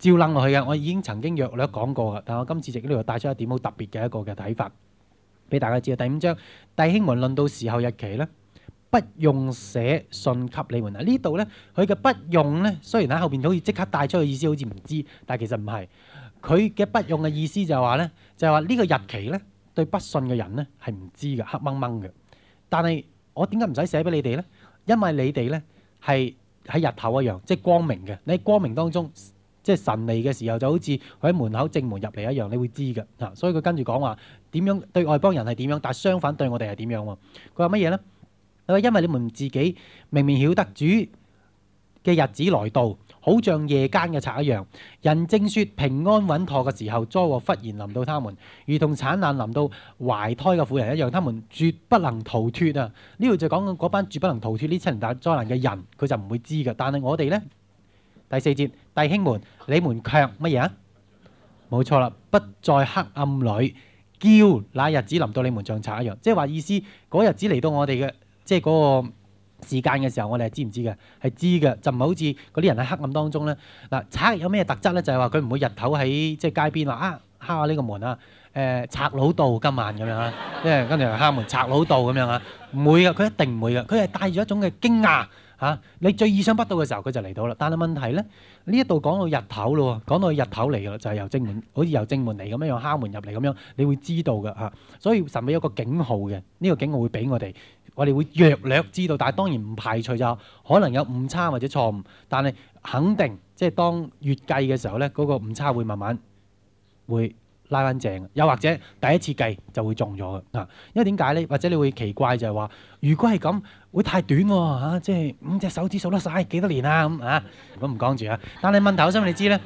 照楞落去嘅，我已經曾經約略講過嘅。但我今次直呢度帶出一點好特別嘅一個嘅睇法，俾大家知啊。第五章弟兄們論到時候日期咧，不用寫信給你們嗱，呢度呢，佢嘅不用呢，雖然喺後邊好似即刻帶出去意思好似唔知，但係其實唔係佢嘅不用嘅意思就係話呢，就係話呢個日期呢，對不信嘅人呢係唔知嘅黑掹掹嘅。但係我點解唔使寫俾你哋呢？因為你哋呢係喺日頭一樣，即係光明嘅。你喺光明當中即係神嚟嘅時候，就好似佢喺門口正門入嚟一樣，你會知㗎嚇。所以佢跟住講話點樣對外邦人係點樣，但係相反對我哋係點樣喎？佢話乜嘢呢？因為你們自己明明曉得主嘅日子來到，好像夜間嘅賊一樣。人正說平安穩妥嘅時候，災禍忽然臨到他們，如同產難臨到懷胎嘅婦人一樣，他們絕不能逃脱啊！呢度就講緊嗰班絕不能逃脱呢七年大災難嘅人，佢就唔會知嘅。但係我哋呢第四節弟兄們，你們卻乜嘢啊？冇錯啦，不在黑暗裏叫那日子臨到你們像賊一樣，即係話意思嗰日子嚟到我哋嘅。即係嗰個時間嘅時候，我哋係知唔知嘅？係知嘅，就唔係好似嗰啲人喺黑暗當中咧。嗱，賊有咩特質咧？就係話佢唔會日頭喺即係街邊話，啊，敲下呢個門啊誒、呃，賊老道今晚咁樣啊，即係 跟住又敲門，賊老道咁樣啊，唔會嘅，佢一定唔會嘅，佢係帶住一種嘅驚訝。嚇、啊！你最意想不到嘅時候，佢就嚟到啦。但係問題呢，呢一度講到日頭咯，講到日頭嚟嘅啦，就係、是、由正門，好似由正門嚟咁樣，敲門入嚟咁樣，你會知道嘅嚇、啊。所以係咪有個警號嘅？呢、這個警號會俾我哋，我哋會約略知道，但係當然唔排除就可能有誤差或者錯誤。但係肯定，即、就、係、是、當月計嘅時候呢，嗰、那個誤差會慢慢會。拉翻正，又或者第一次計就會中咗嘅啊！因為點解咧？或者你會奇怪就係話，如果係咁會太短喎、啊啊、即係五隻手指數得晒幾多年啊咁啊！如果唔講住啊， 但係問題我想你知咧，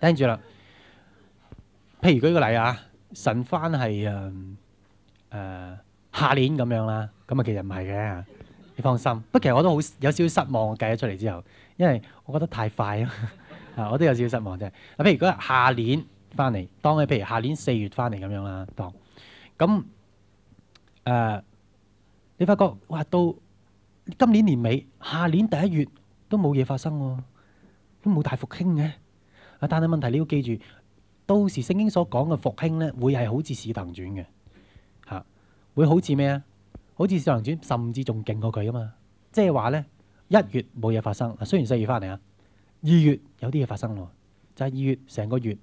聽住啦。譬如舉個例啊，神返係誒下年咁樣啦，咁啊其實唔係嘅，你放心。不過其實我都好有少少失望，計咗出嚟之後，因為我覺得太快咯，啊我都有少少失望啫、啊。譬如講下年。翻嚟當你譬如下年四月翻嚟咁樣啦，當咁誒，你發覺哇，到今年年尾、下年第一月都冇嘢發生，都冇大復興嘅。但係問題你要記住，到時聖經所講嘅復興呢，會係好似《使徒行傳》嘅嚇，會好似咩啊？好似《使徒行傳》，甚至仲勁過佢吖嘛？即係話呢，一月冇嘢發生，雖然四月翻嚟啊，二月有啲嘢發生喎，就係、係、二月成個月。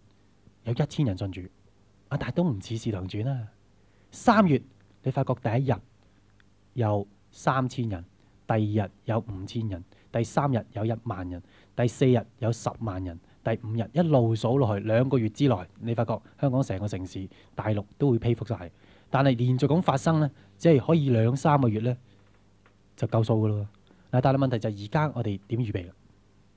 有一千人進住，但係都唔似《史良傳》啊！三月你發覺第一日有三千人，第二日有五千人，第三日有一萬人，第四日有十萬人，第五日一路數落去，兩個月之內你發覺香港成個城市、大陸都會披覆晒。但係連續咁發生呢，只係可以兩三個月呢，就夠數噶咯。啊，但係問題就係而家我哋點預備？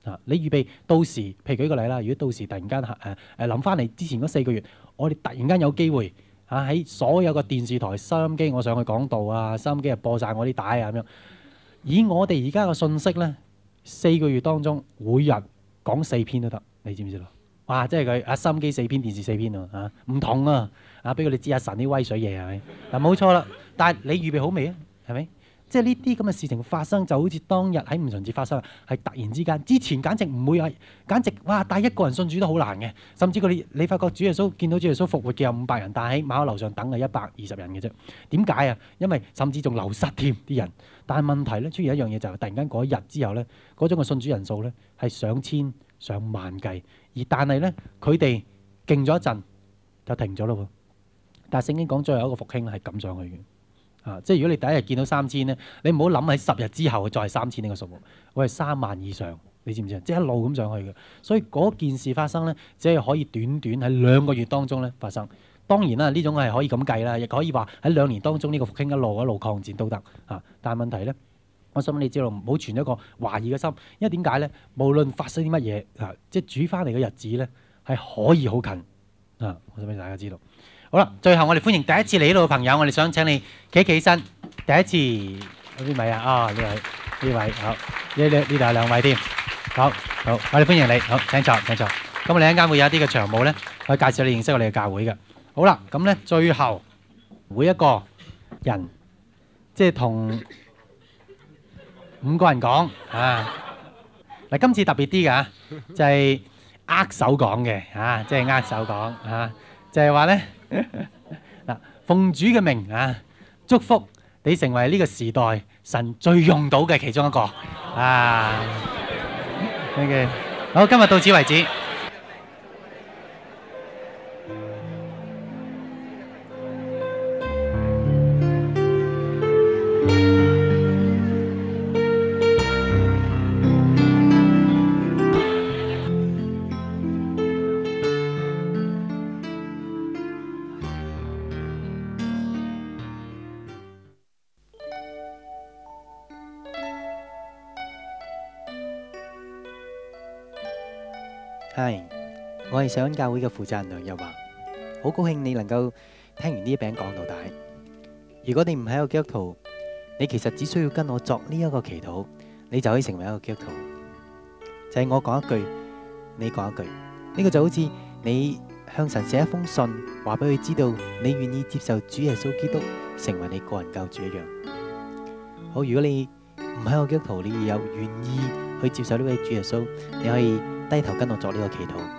啊！你預備到時，譬如舉個例啦，如果到時突然間嚇誒誒諗翻嚟之前嗰四個月，我哋突然間有機會啊，喺所有個電視台、收音機我上去講道啊，收音機啊播晒我啲帶啊咁樣。以我哋而家嘅信息呢，四個月當中每日講四篇都得，你知唔知咯？哇！即係佢啊，收音機四篇，電視四篇啊，嚇，唔同啊！啊，畀佢哋知阿神啲威水嘢係咪？冇 錯啦，但係你預備好未啊？係咪？即係呢啲咁嘅事情發生，就好似當日喺五旬節發生，係突然之間，之前簡直唔會係，簡直哇帶一個人信主都好難嘅，甚至佢哋你發覺主耶穌見到主耶穌復活嘅有五百人，但係喺馬可樓上等嘅一百二十人嘅啫。點解啊？因為甚至仲流失添啲人。但係問題咧出現一樣嘢就係突然間嗰日之後咧，嗰種嘅信主人數咧係上千上萬計，而但係咧佢哋勁咗一陣就停咗咯喎。但係聖經講最後一個復興係噉上去嘅。即係如果你第一日見到三千咧，你唔好諗喺十日之後再三千呢個數目，我係三萬以上，你知唔知啊？即係一路咁上去嘅，所以嗰件事發生咧，只係可以短短喺兩個月當中咧發生。當然啦，呢種係可以咁計啦，亦可以話喺兩年當中呢個復興一路一路擴展都得啊。但係問題咧，我想問你知道唔好存一個懷疑嘅心，因為點解咧？無論發生啲乜嘢啊，即係煮翻嚟嘅日子咧，係可以好近啊！我想俾大家知道。好啦，最後我哋歡迎第一次嚟呢度嘅朋友，我哋想請你企起身。第一次呢位啊，啊呢位呢位好，呢呢呢度有兩位添。好好，我哋歡迎你，好，請坐請坐。咁我哋一間會有一啲嘅場務咧，可以介紹你認識我哋嘅教會嘅。好啦，咁咧最後每一個人即係同五個人講啊。嗱，今次特別啲㗎，就係握手講嘅嚇，即係握手講嚇，就係話咧。嗱， 奉主嘅名啊，祝福你成為呢個時代神最用到嘅其中一個啊，okay，好，今日到此為止。上教會嘅負責人梁日華。好高興你能夠聽完呢一篇講道。如果你唔係一個基督徒，你其實只需要跟我作呢一個祈禱，你就可以成為一個基督徒。就係我講一句，你講一句，呢個就好似你向神寫一封信，話俾佢知道你願意接受主耶穌基督成為你個人救主一樣。好，如果你唔係一個基督徒，你有願意去接受呢位主耶穌，你可以低頭跟我作呢個祈禱。